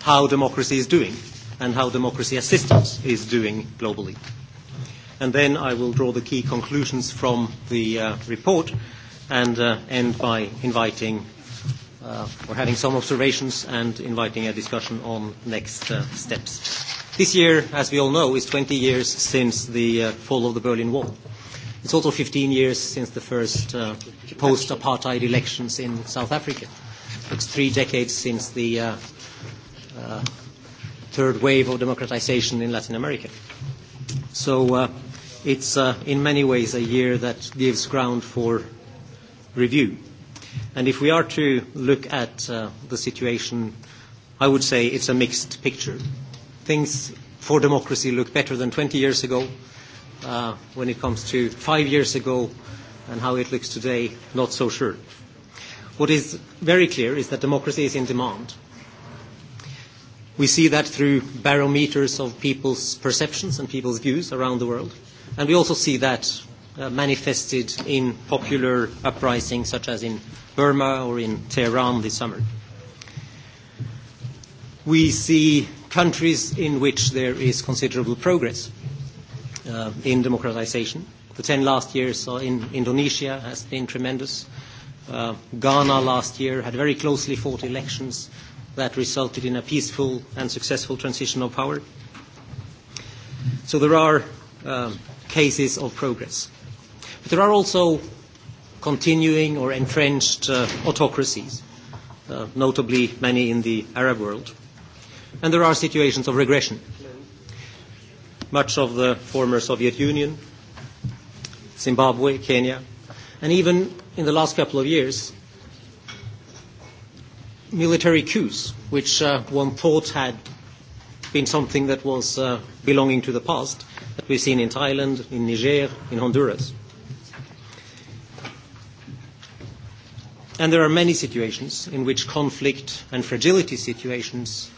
how democracy is doing and how democracy assistance is doing globally. And then I will draw the key conclusions from the uh, report and uh, end by inviting uh, or having some observations and inviting a discussion on next uh, steps. This year, as we all know, is 20 years since the uh, fall of the Berlin Wall. It's also 15 years since the first uh, post-apartheid elections in South Africa. It's three decades since the uh, uh, third wave of democratization in Latin America. So uh, it's uh, in many ways a year that gives ground for review. And if we are to look at uh, the situation, I would say it's a mixed picture. Things for democracy look better than 20 years ago. Uh, when it comes to five years ago and how it looks today, not so sure. What is very clear is that democracy is in demand We see that through barometers of people's perceptions and people's views around the world. And we also see that uh, manifested in popular uprisings such as in Burma or in Tehran this summer. We see countries in which there is considerable progress uh, in democratization. The 10 last years in Indonesia has been tremendous. Uh, Ghana last year had very closely fought elections that resulted in a peaceful and successful transition of power. So there are uh, cases of progress. But there are also continuing or entrenched uh, autocracies, uh, notably many in the Arab world. And there are situations of regression. Much of the former Soviet Union, Zimbabwe, Kenya, and even in the last couple of years, military coups, which uh, one thought had been something that was uh, belonging to the past, that we've seen in Thailand, in Niger, in Honduras. And there are many situations in which conflict and fragility situations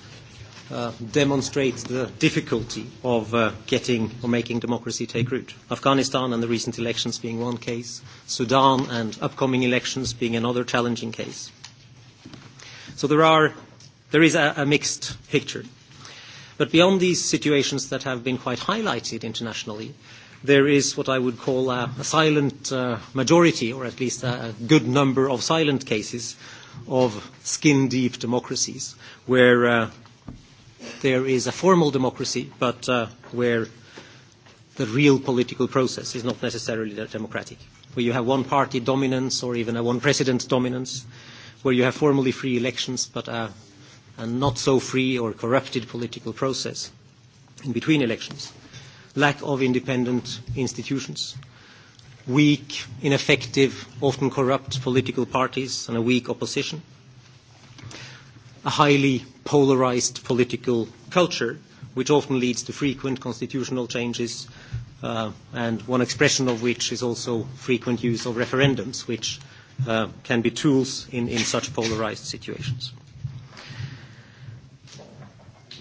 uh, demonstrate the difficulty of uh, getting or making democracy take root. Afghanistan and the recent elections being one case, Sudan and upcoming elections being another challenging case. So there, are, there is a, a mixed picture. But beyond these situations that have been quite highlighted internationally, there is what I would call a, a silent uh, majority, or at least a, a good number of silent cases of skin deep democracies, where uh, there is a formal democracy, but uh, where the real political process is not necessarily democratic, where you have one party dominance or even a one president dominance. Uh, where you have formally free elections but a, a not so free or corrupted political process in between elections, lack of independent institutions, weak, ineffective, often corrupt political parties and a weak opposition, a highly polarized political culture, which often leads to frequent constitutional changes, uh, and one expression of which is also frequent use of referendums, which Uh, can be tools in, in such polarized situations.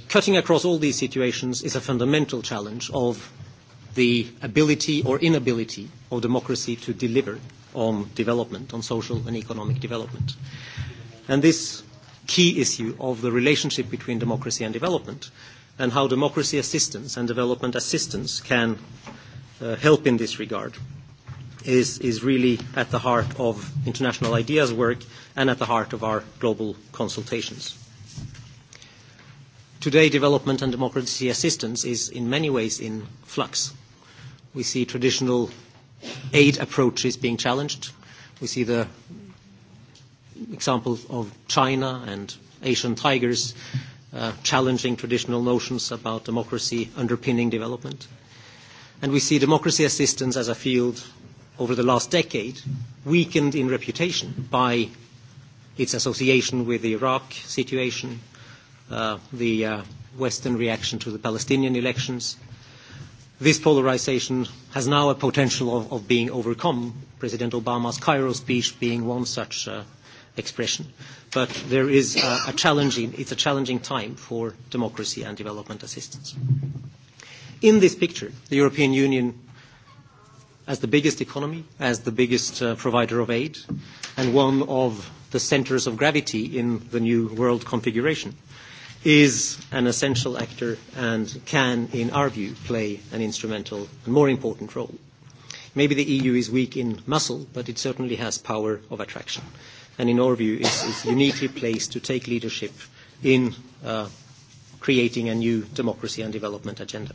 Cutting across all these situations is a fundamental challenge of the ability or inability of democracy to deliver on development, on social and economic development. And this key issue of the relationship between democracy and development and how democracy assistance and development assistance can uh, help in this regard is, is really at the heart of international ideas work and at the heart of our global consultations. Today, development and democracy assistance is in many ways in flux. We see traditional aid approaches being challenged. We see the example of China and Asian tigers uh, challenging traditional notions about democracy underpinning development. And we see democracy assistance as a field over the last decade weakened in reputation by its association with the Iraq situation, uh, the uh, Western reaction to the Palestinian elections. This polarization has now a potential of, of being overcome, President Obama's Cairo speech being one such uh, expression. But there is a, a challenging, it's a challenging time for democracy and development assistance. In this picture, the European Union as the biggest economy, as the biggest uh, provider of aid, and one of the centers of gravity in the new world configuration, is an essential actor and can, in our view, play an instrumental and more important role. Maybe the EU is weak in muscle, but it certainly has power of attraction. And in our view, is, is uniquely placed to take leadership in uh, creating a new democracy and development agenda.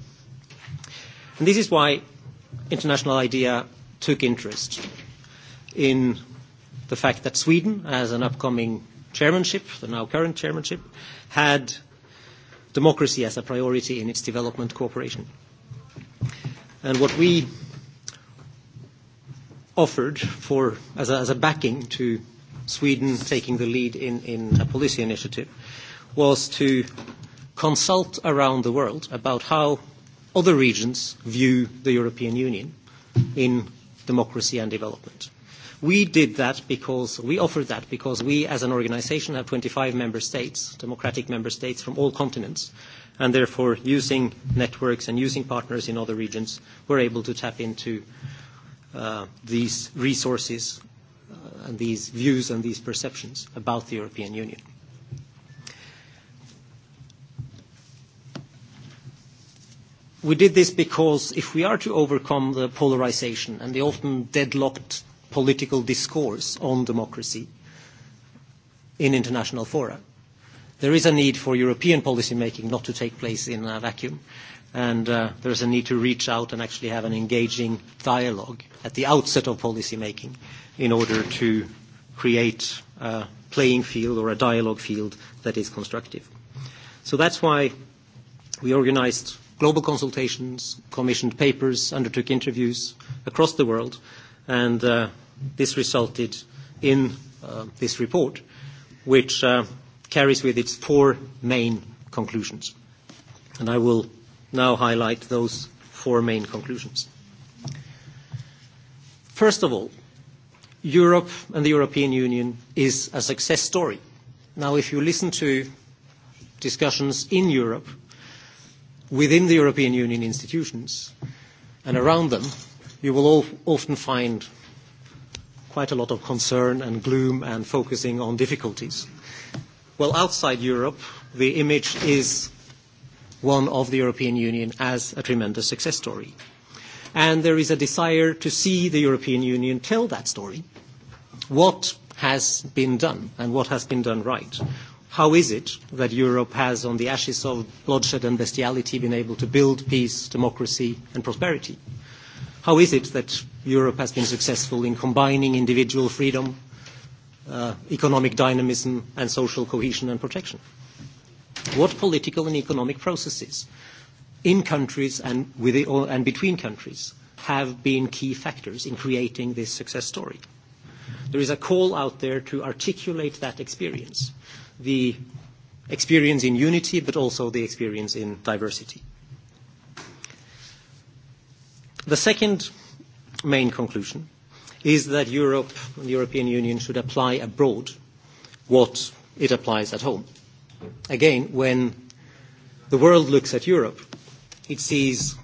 And this is why international idea took interest in the fact that Sweden, as an upcoming chairmanship, the now current chairmanship, had democracy as a priority in its development cooperation. And what we offered for, as, a, as a backing to Sweden taking the lead in, in a policy initiative was to consult around the world about how other regions view the European Union in democracy and development. We did that because we offered that because we as an organization have 25 member states, democratic member states from all continents, and therefore using networks and using partners in other regions, we're able to tap into uh, these resources uh, and these views and these perceptions about the European Union. we did this because if we are to overcome the polarization and the often deadlocked political discourse on democracy in international fora, there is a need for European policymaking not to take place in a vacuum. And uh, there is a need to reach out and actually have an engaging dialogue at the outset of policymaking in order to create a playing field or a dialogue field that is constructive. So that's why we organized global consultations, commissioned papers, undertook interviews across the world, and uh, this resulted in uh, this report, which uh, carries with it four main conclusions. And I will now highlight those four main conclusions. First of all, Europe and the European Union is a success story. Now, if you listen to discussions in Europe within the European Union institutions and around them, you will often find quite a lot of concern and gloom and focusing on difficulties. Well, outside Europe, the image is one of the European Union as a tremendous success story. And there is a desire to see the European Union tell that story. What has been done and what has been done right? How is it that Europe has, on the ashes of bloodshed and bestiality, been able to build peace, democracy, and prosperity? How is it that Europe has been successful in combining individual freedom, uh, economic dynamism, and social cohesion and protection? What political and economic processes in countries and, within, or, and between countries have been key factors in creating this success story? There is a call out there to articulate that experience the experience in unity, but also the experience in diversity. The second main conclusion is that Europe and the European Union should apply abroad what it applies at home. Again, when the world looks at Europe, it sees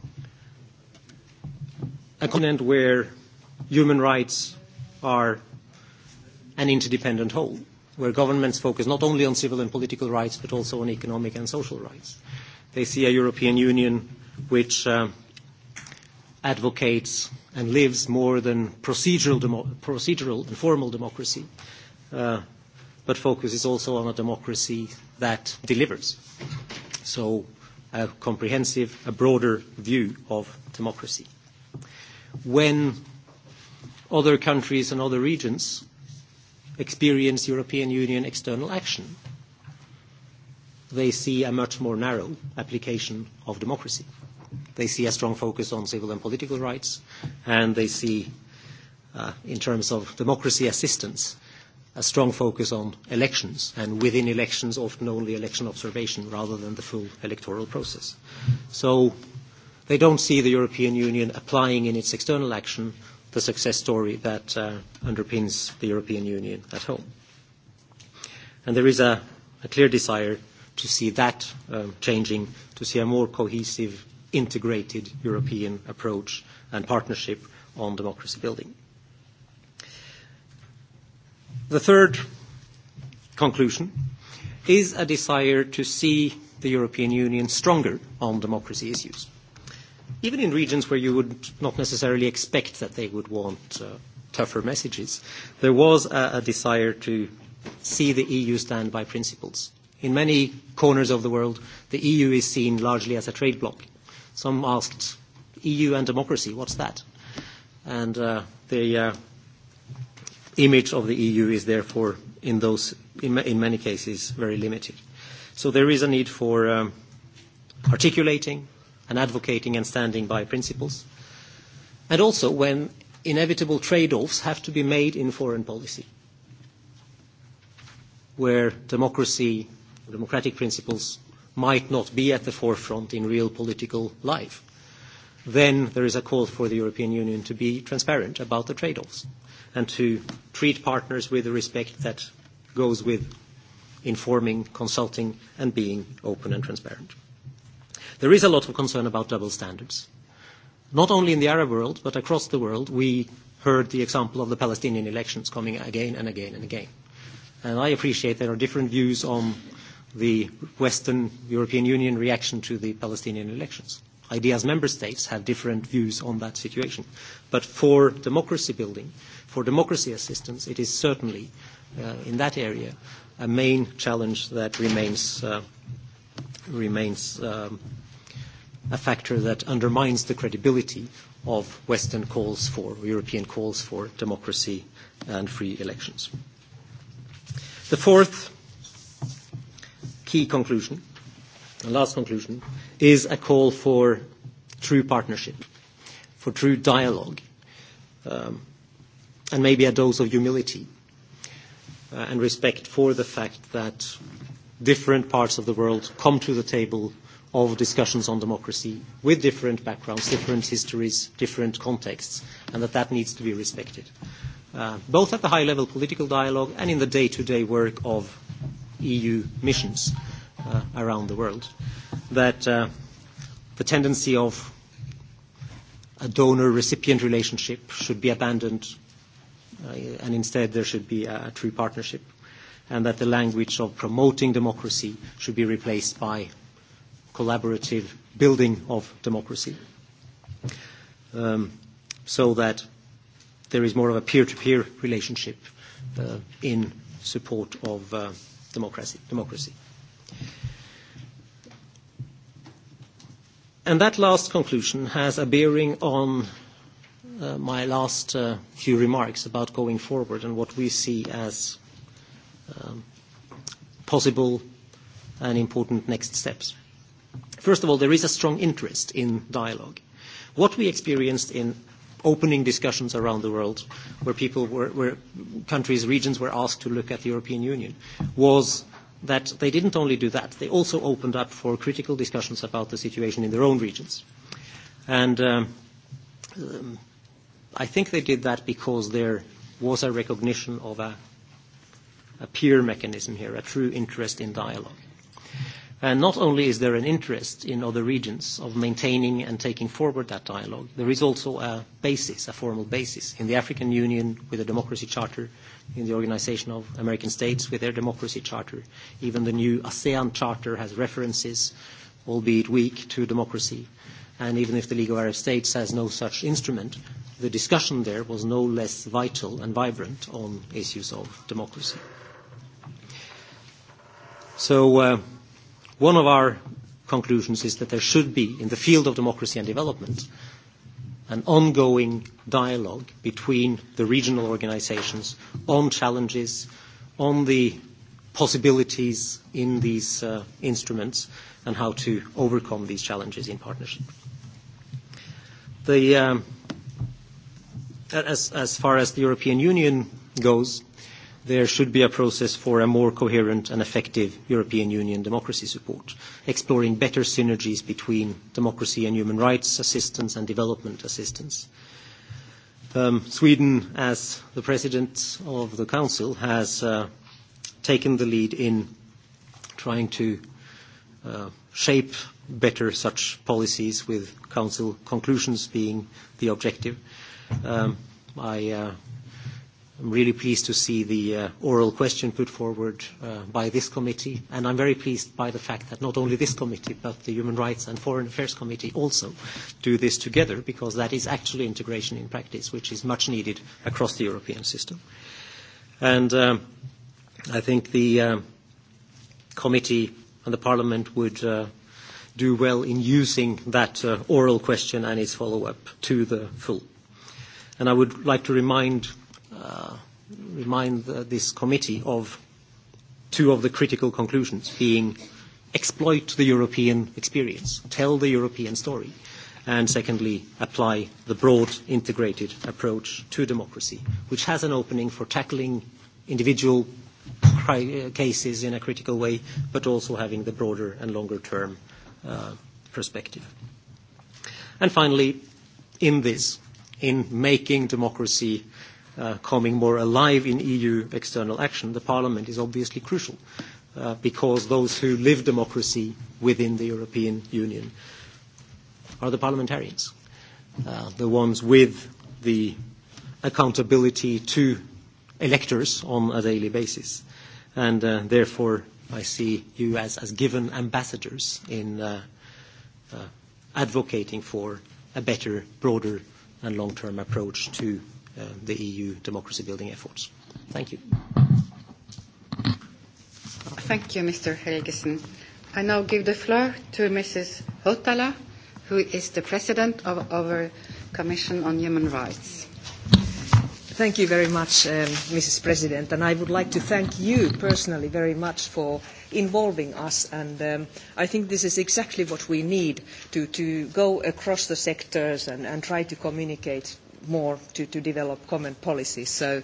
a continent where human rights are an interdependent whole, where governments focus not only on civil and political rights, but also on economic and social rights. They see a European Union which uh, advocates and lives more than procedural, demo- procedural and formal democracy, uh, but focuses also on a democracy that delivers. So a comprehensive, a broader view of democracy. When other countries and other regions experience European Union external action. They see a much more narrow application of democracy. They see a strong focus on civil and political rights, and they see, uh, in terms of democracy assistance, a strong focus on elections, and within elections, often only election observation rather than the full electoral process. So they don't see the European Union applying in its external action the success story that uh, underpins the European Union at home. And there is a, a clear desire to see that um, changing, to see a more cohesive, integrated European approach and partnership on democracy building. The third conclusion is a desire to see the European Union stronger on democracy issues even in regions where you would not necessarily expect that they would want uh, tougher messages, there was a, a desire to see the EU stand by principles. In many corners of the world, the EU is seen largely as a trade bloc. Some asked, EU and democracy, what's that? And uh, the uh, image of the EU is therefore, in, those, in, in many cases, very limited. So there is a need for um, articulating, and advocating and standing by principles, and also when inevitable trade-offs have to be made in foreign policy, where democracy, democratic principles might not be at the forefront in real political life. Then there is a call for the European Union to be transparent about the trade-offs and to treat partners with the respect that goes with informing, consulting, and being open and transparent. There is a lot of concern about double standards. Not only in the Arab world, but across the world, we heard the example of the Palestinian elections coming again and again and again. And I appreciate there are different views on the Western European Union reaction to the Palestinian elections. Ideas member states have different views on that situation. But for democracy building, for democracy assistance, it is certainly, uh, in that area, a main challenge that remains uh, remains um, a factor that undermines the credibility of Western calls for, European calls for democracy and free elections. The fourth key conclusion, the last conclusion, is a call for true partnership, for true dialogue, um, and maybe a dose of humility uh, and respect for the fact that different parts of the world come to the table of discussions on democracy with different backgrounds, different histories, different contexts, and that that needs to be respected, uh, both at the high-level political dialogue and in the day-to-day work of EU missions uh, around the world. That uh, the tendency of a donor-recipient relationship should be abandoned, uh, and instead there should be a true partnership and that the language of promoting democracy should be replaced by collaborative building of democracy. Um, so that there is more of a peer-to-peer -peer relationship uh, in support of uh, democracy. democracy. And that last conclusion has a bearing on uh, my last uh, few remarks about going forward and what we see as um, possible and important next steps. First of all, there is a strong interest in dialogue. What we experienced in opening discussions around the world, where people were, where countries, regions were asked to look at the European Union, was that they didn't only do that, they also opened up for critical discussions about the situation in their own regions. And um, um, I think they did that because there was a recognition of a a peer mechanism here, a true interest in dialogue. And not only is there an interest in other regions of maintaining and taking forward that dialogue, there is also a basis, a formal basis, in the African Union with a Democracy Charter, in the Organization of American States with their Democracy Charter. Even the new ASEAN Charter has references, albeit weak, to democracy. And even if the League of Arab States has no such instrument, the discussion there was no less vital and vibrant on issues of democracy. So uh, one of our conclusions is that there should be, in the field of democracy and development, an ongoing dialogue between the regional organizations on challenges, on the possibilities in these uh, instruments, and how to overcome these challenges in partnership. Um, as far as the European Union goes, there should be a process for a more coherent and effective European Union democracy support, exploring better synergies between democracy and human rights assistance and development assistance. Um, Sweden, as the President of the Council, has uh, taken the lead in trying to uh, shape better such policies with Council conclusions being the objective. Um, I uh, I'm really pleased to see the uh, oral question put forward uh, by this committee, and I'm very pleased by the fact that not only this committee, but the Human Rights and Foreign Affairs Committee also do this together, because that is actually integration in practice, which is much needed across the European system. And um, I think the um, committee and the Parliament would uh, do well in using that uh, oral question and its follow-up to the full. And I would like to remind uh, remind the, uh, this committee of two of the critical conclusions being exploit the European experience, tell the European story, and secondly, apply the broad integrated approach to democracy, which has an opening for tackling individual uh, cases in a critical way, but also having the broader and longer term uh, perspective. And finally, in this, in making democracy Uh, coming more alive in EU external action, the Parliament is obviously crucial uh, because those who live democracy within the European Union are the parliamentarians, uh, the ones with the accountability to electors on a daily basis. And uh, therefore, I see you as, as given ambassadors in uh, uh, advocating for a better, broader, and long-term approach to uh, the EU democracy building efforts. Thank you. Thank you, Mr. Helgesen. I now give the floor to Mrs. Hotala, who is the president of our Commission on Human Rights. Thank you very much, um, Mrs. President, and I would like to thank you personally very much for involving us. And um, I think this is exactly what we need to, to go across the sectors and, and try to communicate more to, to develop common policies. So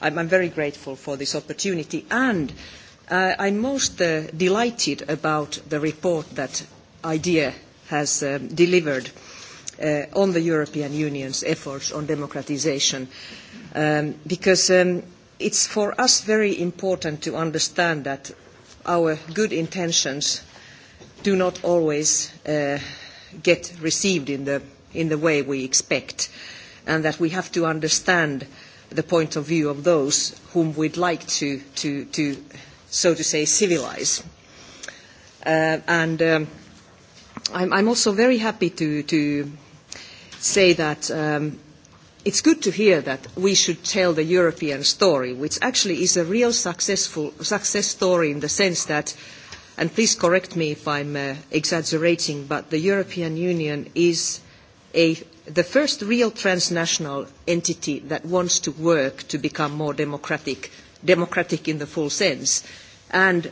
I'm, I'm very grateful for this opportunity. And uh, I'm most uh, delighted about the report that IDEA has um, delivered uh, on the European Union's efforts on democratization, um, because um, it's for us very important to understand that our good intentions do not always uh, get received in the, in the way we expect. Uh, and that we have to understand the point of view of those whom we'd like to, to, to so to say, civilize. Uh, and um, I'm, I'm also very happy to, to say that um, it's good to hear that we should tell the European story, which actually is a real successful, success story in the sense that, and please correct me if I'm uh, exaggerating, but the European Union is a the first real transnational entity that wants to work to become more democratic, democratic in the full sense. And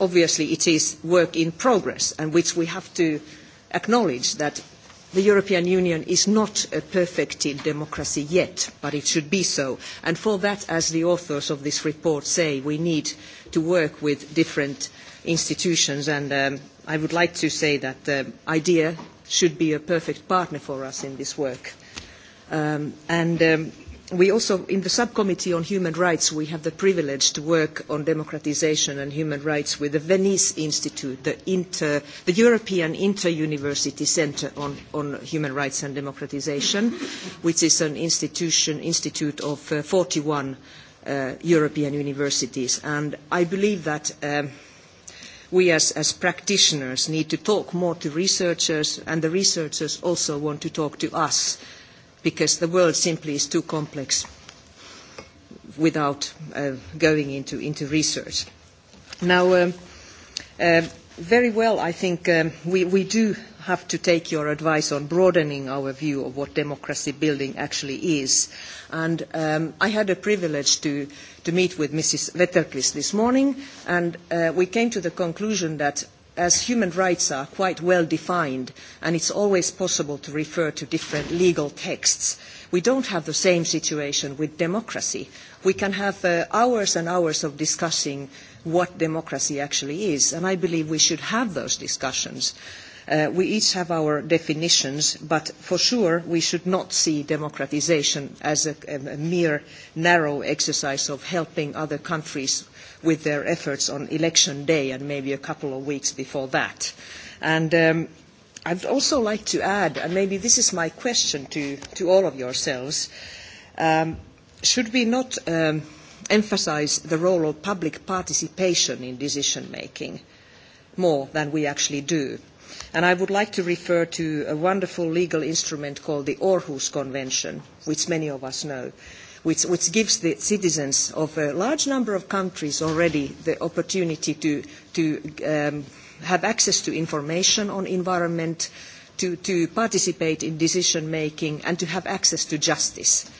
obviously it is work in progress, and which we have to acknowledge that the European Union is not a perfected democracy yet, but it should be so. And for that, as the authors of this report say, we need to work with different institutions. And um, I would like to say that the um, idea should be a perfect partner for us in this work. Um, and um, we also, in the subcommittee on human rights, we have the privilege to work on democratization and human rights with the Venice Institute, the, inter, the European Inter-University Center on, on Human Rights and Democratization, which is an institution, institute of uh, 41 uh, European universities. And I believe that um, we as, as practitioners need to talk more to researchers, and the researchers also want to talk to us, because the world simply is too complex without uh, going into, into research. Now, um, uh, very well, I think um, we, we do have to take your advice on broadening our view of what democracy building actually is. And um, I had a privilege to, to meet with Mrs. Wetterquist this morning, and uh, we came to the conclusion that as human rights are quite well defined, and it's always possible to refer to different legal texts, We don't have the same situation with democracy. We can have uh, hours and hours of discussing what democracy actually is, and I believe we should have those discussions. Uh, we each have our definitions, but for sure we should not see democratisation as a, a, mere narrow exercise of helping other countries with their efforts on election day and maybe a couple of weeks before that. And um, I'd also like to add, and maybe this is my question to, to all of yourselves, um, should we not um, emphasize the role of public participation in decision making more than we actually do? And I would like to refer to a wonderful legal instrument called the Aarhus Convention, which many of us know, which, which gives the citizens of a large number of countries already the opportunity to, to um, have access to information on environment, to, to participate in decision making and to have access to justice.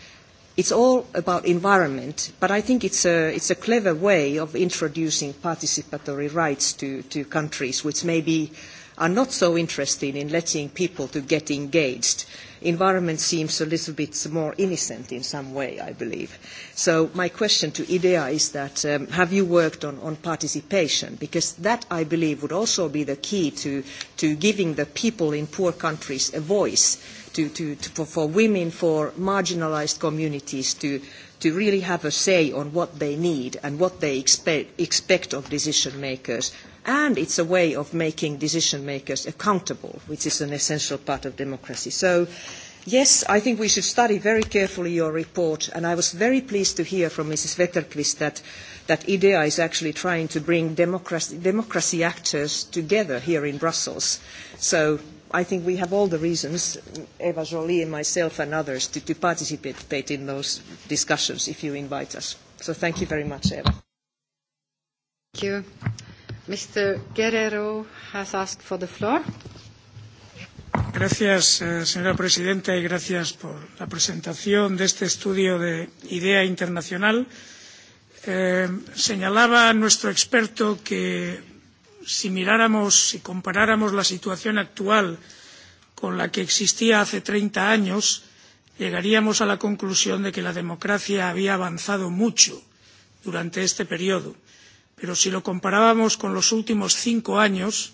It's all about environment, but I think it's a, it's a clever way of introducing participatory rights to, to countries which maybe are not so interested in letting people to get engaged. Uh, environment seems a little bit more innocent in some way, I believe. So my question to IDEA is that um, have you worked on, on participation? Because that, I believe, would also be the key to, to giving the people in poor countries a voice to, to, to, for, for women, for marginalized communities to, to really have a say on what they need and what they expect, expect of decision makers and it's a way of making decision makers accountable, which is an essential part of democracy. So, yes, I think we should study very carefully your report, and I was very pleased to hear from Mrs. Wetterquist that, that IDEA is actually trying to bring democracy, democracy actors together here in Brussels. So I think we have all the reasons, Eva Jolie and myself and others, to, to participate in those discussions if you invite us. So thank you very much, Eva. Thank you. Mr. Guerrero has asked for the floor. Gracias, eh, señora presidenta, y gracias por la presentación de este estudio de IDEA Internacional. Eh, señalaba nuestro experto que si miráramos, si comparáramos la situación actual con la que existía hace 30 años, llegaríamos a la conclusión de que la democracia había avanzado mucho durante este periodo pero si lo comparábamos con los últimos cinco años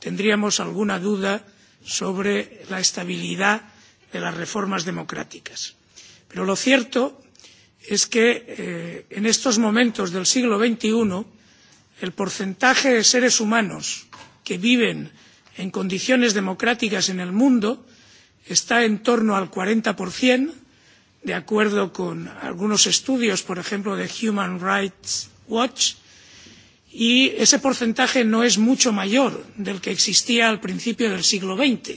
tendríamos alguna duda sobre la estabilidad de las reformas democráticas. pero lo cierto es que eh, en estos momentos del siglo xxi el porcentaje de seres humanos que viven en condiciones democráticas en el mundo está en torno al cuarenta de acuerdo con algunos estudios por ejemplo de human rights watch y ese porcentaje no es mucho mayor del que existía al principio del siglo xx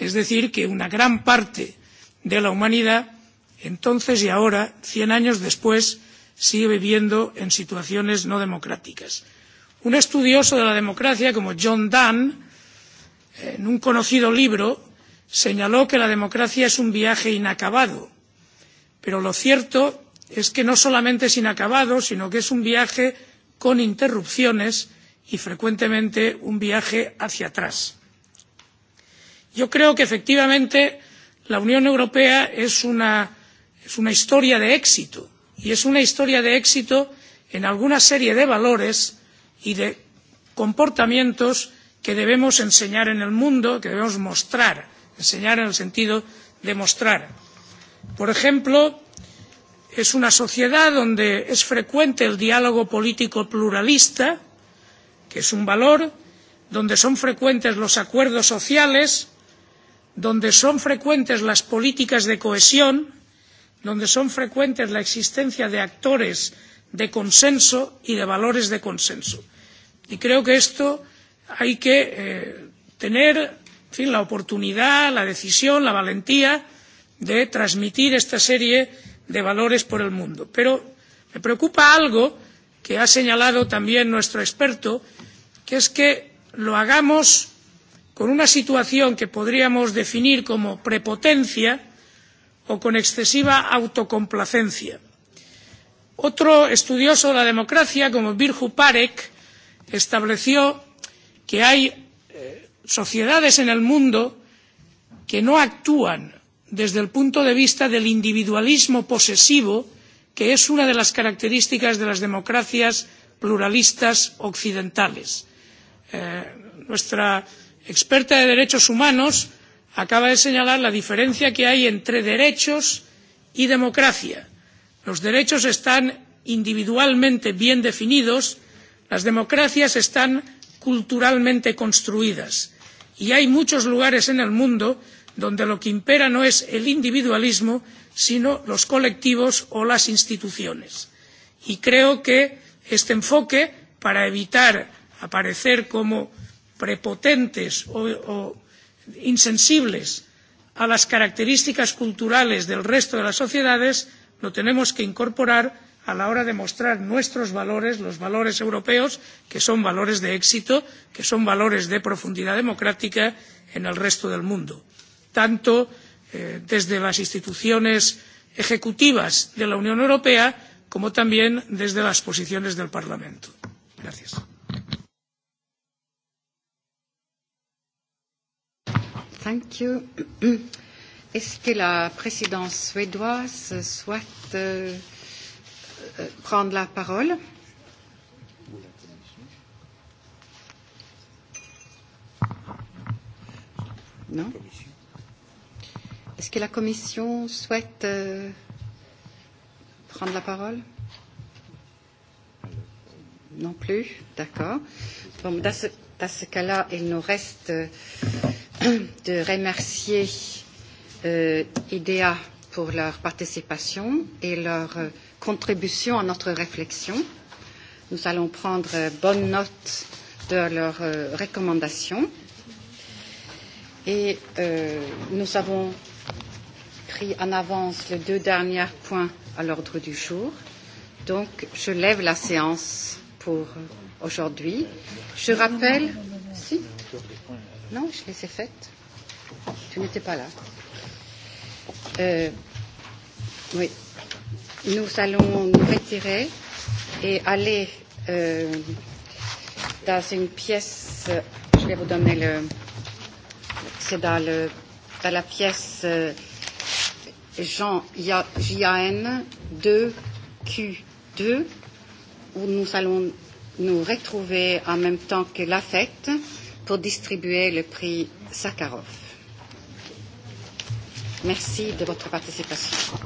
es decir que una gran parte de la humanidad entonces y ahora cien años después sigue viviendo en situaciones no democráticas. un estudioso de la democracia como john donne en un conocido libro señaló que la democracia es un viaje inacabado pero lo cierto es que no solamente es inacabado sino que es un viaje con interrupciones y frecuentemente un viaje hacia atrás. yo creo que efectivamente la unión europea es una, es una historia de éxito y es una historia de éxito en alguna serie de valores y de comportamientos que debemos enseñar en el mundo que debemos mostrar enseñar en el sentido de mostrar. por ejemplo es una sociedad donde es frecuente el diálogo político pluralista que es un valor donde son frecuentes los acuerdos sociales donde son frecuentes las políticas de cohesión donde son frecuentes la existencia de actores de consenso y de valores de consenso. y creo que esto hay que eh, tener en fin, la oportunidad la decisión la valentía de transmitir esta serie de de valores por el mundo. Pero me preocupa algo que ha señalado también nuestro experto, que es que lo hagamos con una situación que podríamos definir como prepotencia o con excesiva autocomplacencia. Otro estudioso de la democracia, como Virju Parek, estableció que hay eh, sociedades en el mundo que no actúan desde el punto de vista del individualismo posesivo que es una de las características de las democracias pluralistas occidentales. Eh, nuestra experta de derechos humanos acaba de señalar la diferencia que hay entre derechos y democracia. los derechos están individualmente bien definidos las democracias están culturalmente construidas y hay muchos lugares en el mundo en donde lo que impera no es el individualismo sino los colectivos o las instituciones y creo que este enfoque para evitar aparecer como prepotentes o, o insensibles a las características culturales del resto de las sociedades lo tenemos que incorporar a la hora de mostrar nuestros valores los valores europeos que son valores de éxito que son valores de profundidad democrática en el resto del mundo tanto eh, desde las instituciones ejecutivas de la unión europea como también desde las posiciones del parlamento. Gracias. Thank you. Est-ce que la présidence suédoise souhaite euh, euh prendre la parole Non Est-ce que la Commission souhaite euh, prendre la parole Non plus D'accord. Bon, dans ce, dans ce cas-là, il nous reste euh, de remercier euh, IDEA pour leur participation et leur euh, contribution à notre réflexion. Nous allons prendre euh, bonne note de leurs euh, recommandations. Et euh, nous avons inscrit en avance les deux derniers points à l'ordre du jour. Donc, je lève la séance pour aujourd'hui. Je rappelle. Si Non, je les ai faites. Tu n'étais pas là. Euh, oui. Nous allons nous retirer et aller euh, dans une pièce. Je vais vous donner le. C'est dans, le, dans la pièce. Euh, Jean JAN 2Q2, où nous allons nous retrouver en même temps que la fête pour distribuer le prix Sakharov. Merci de votre participation.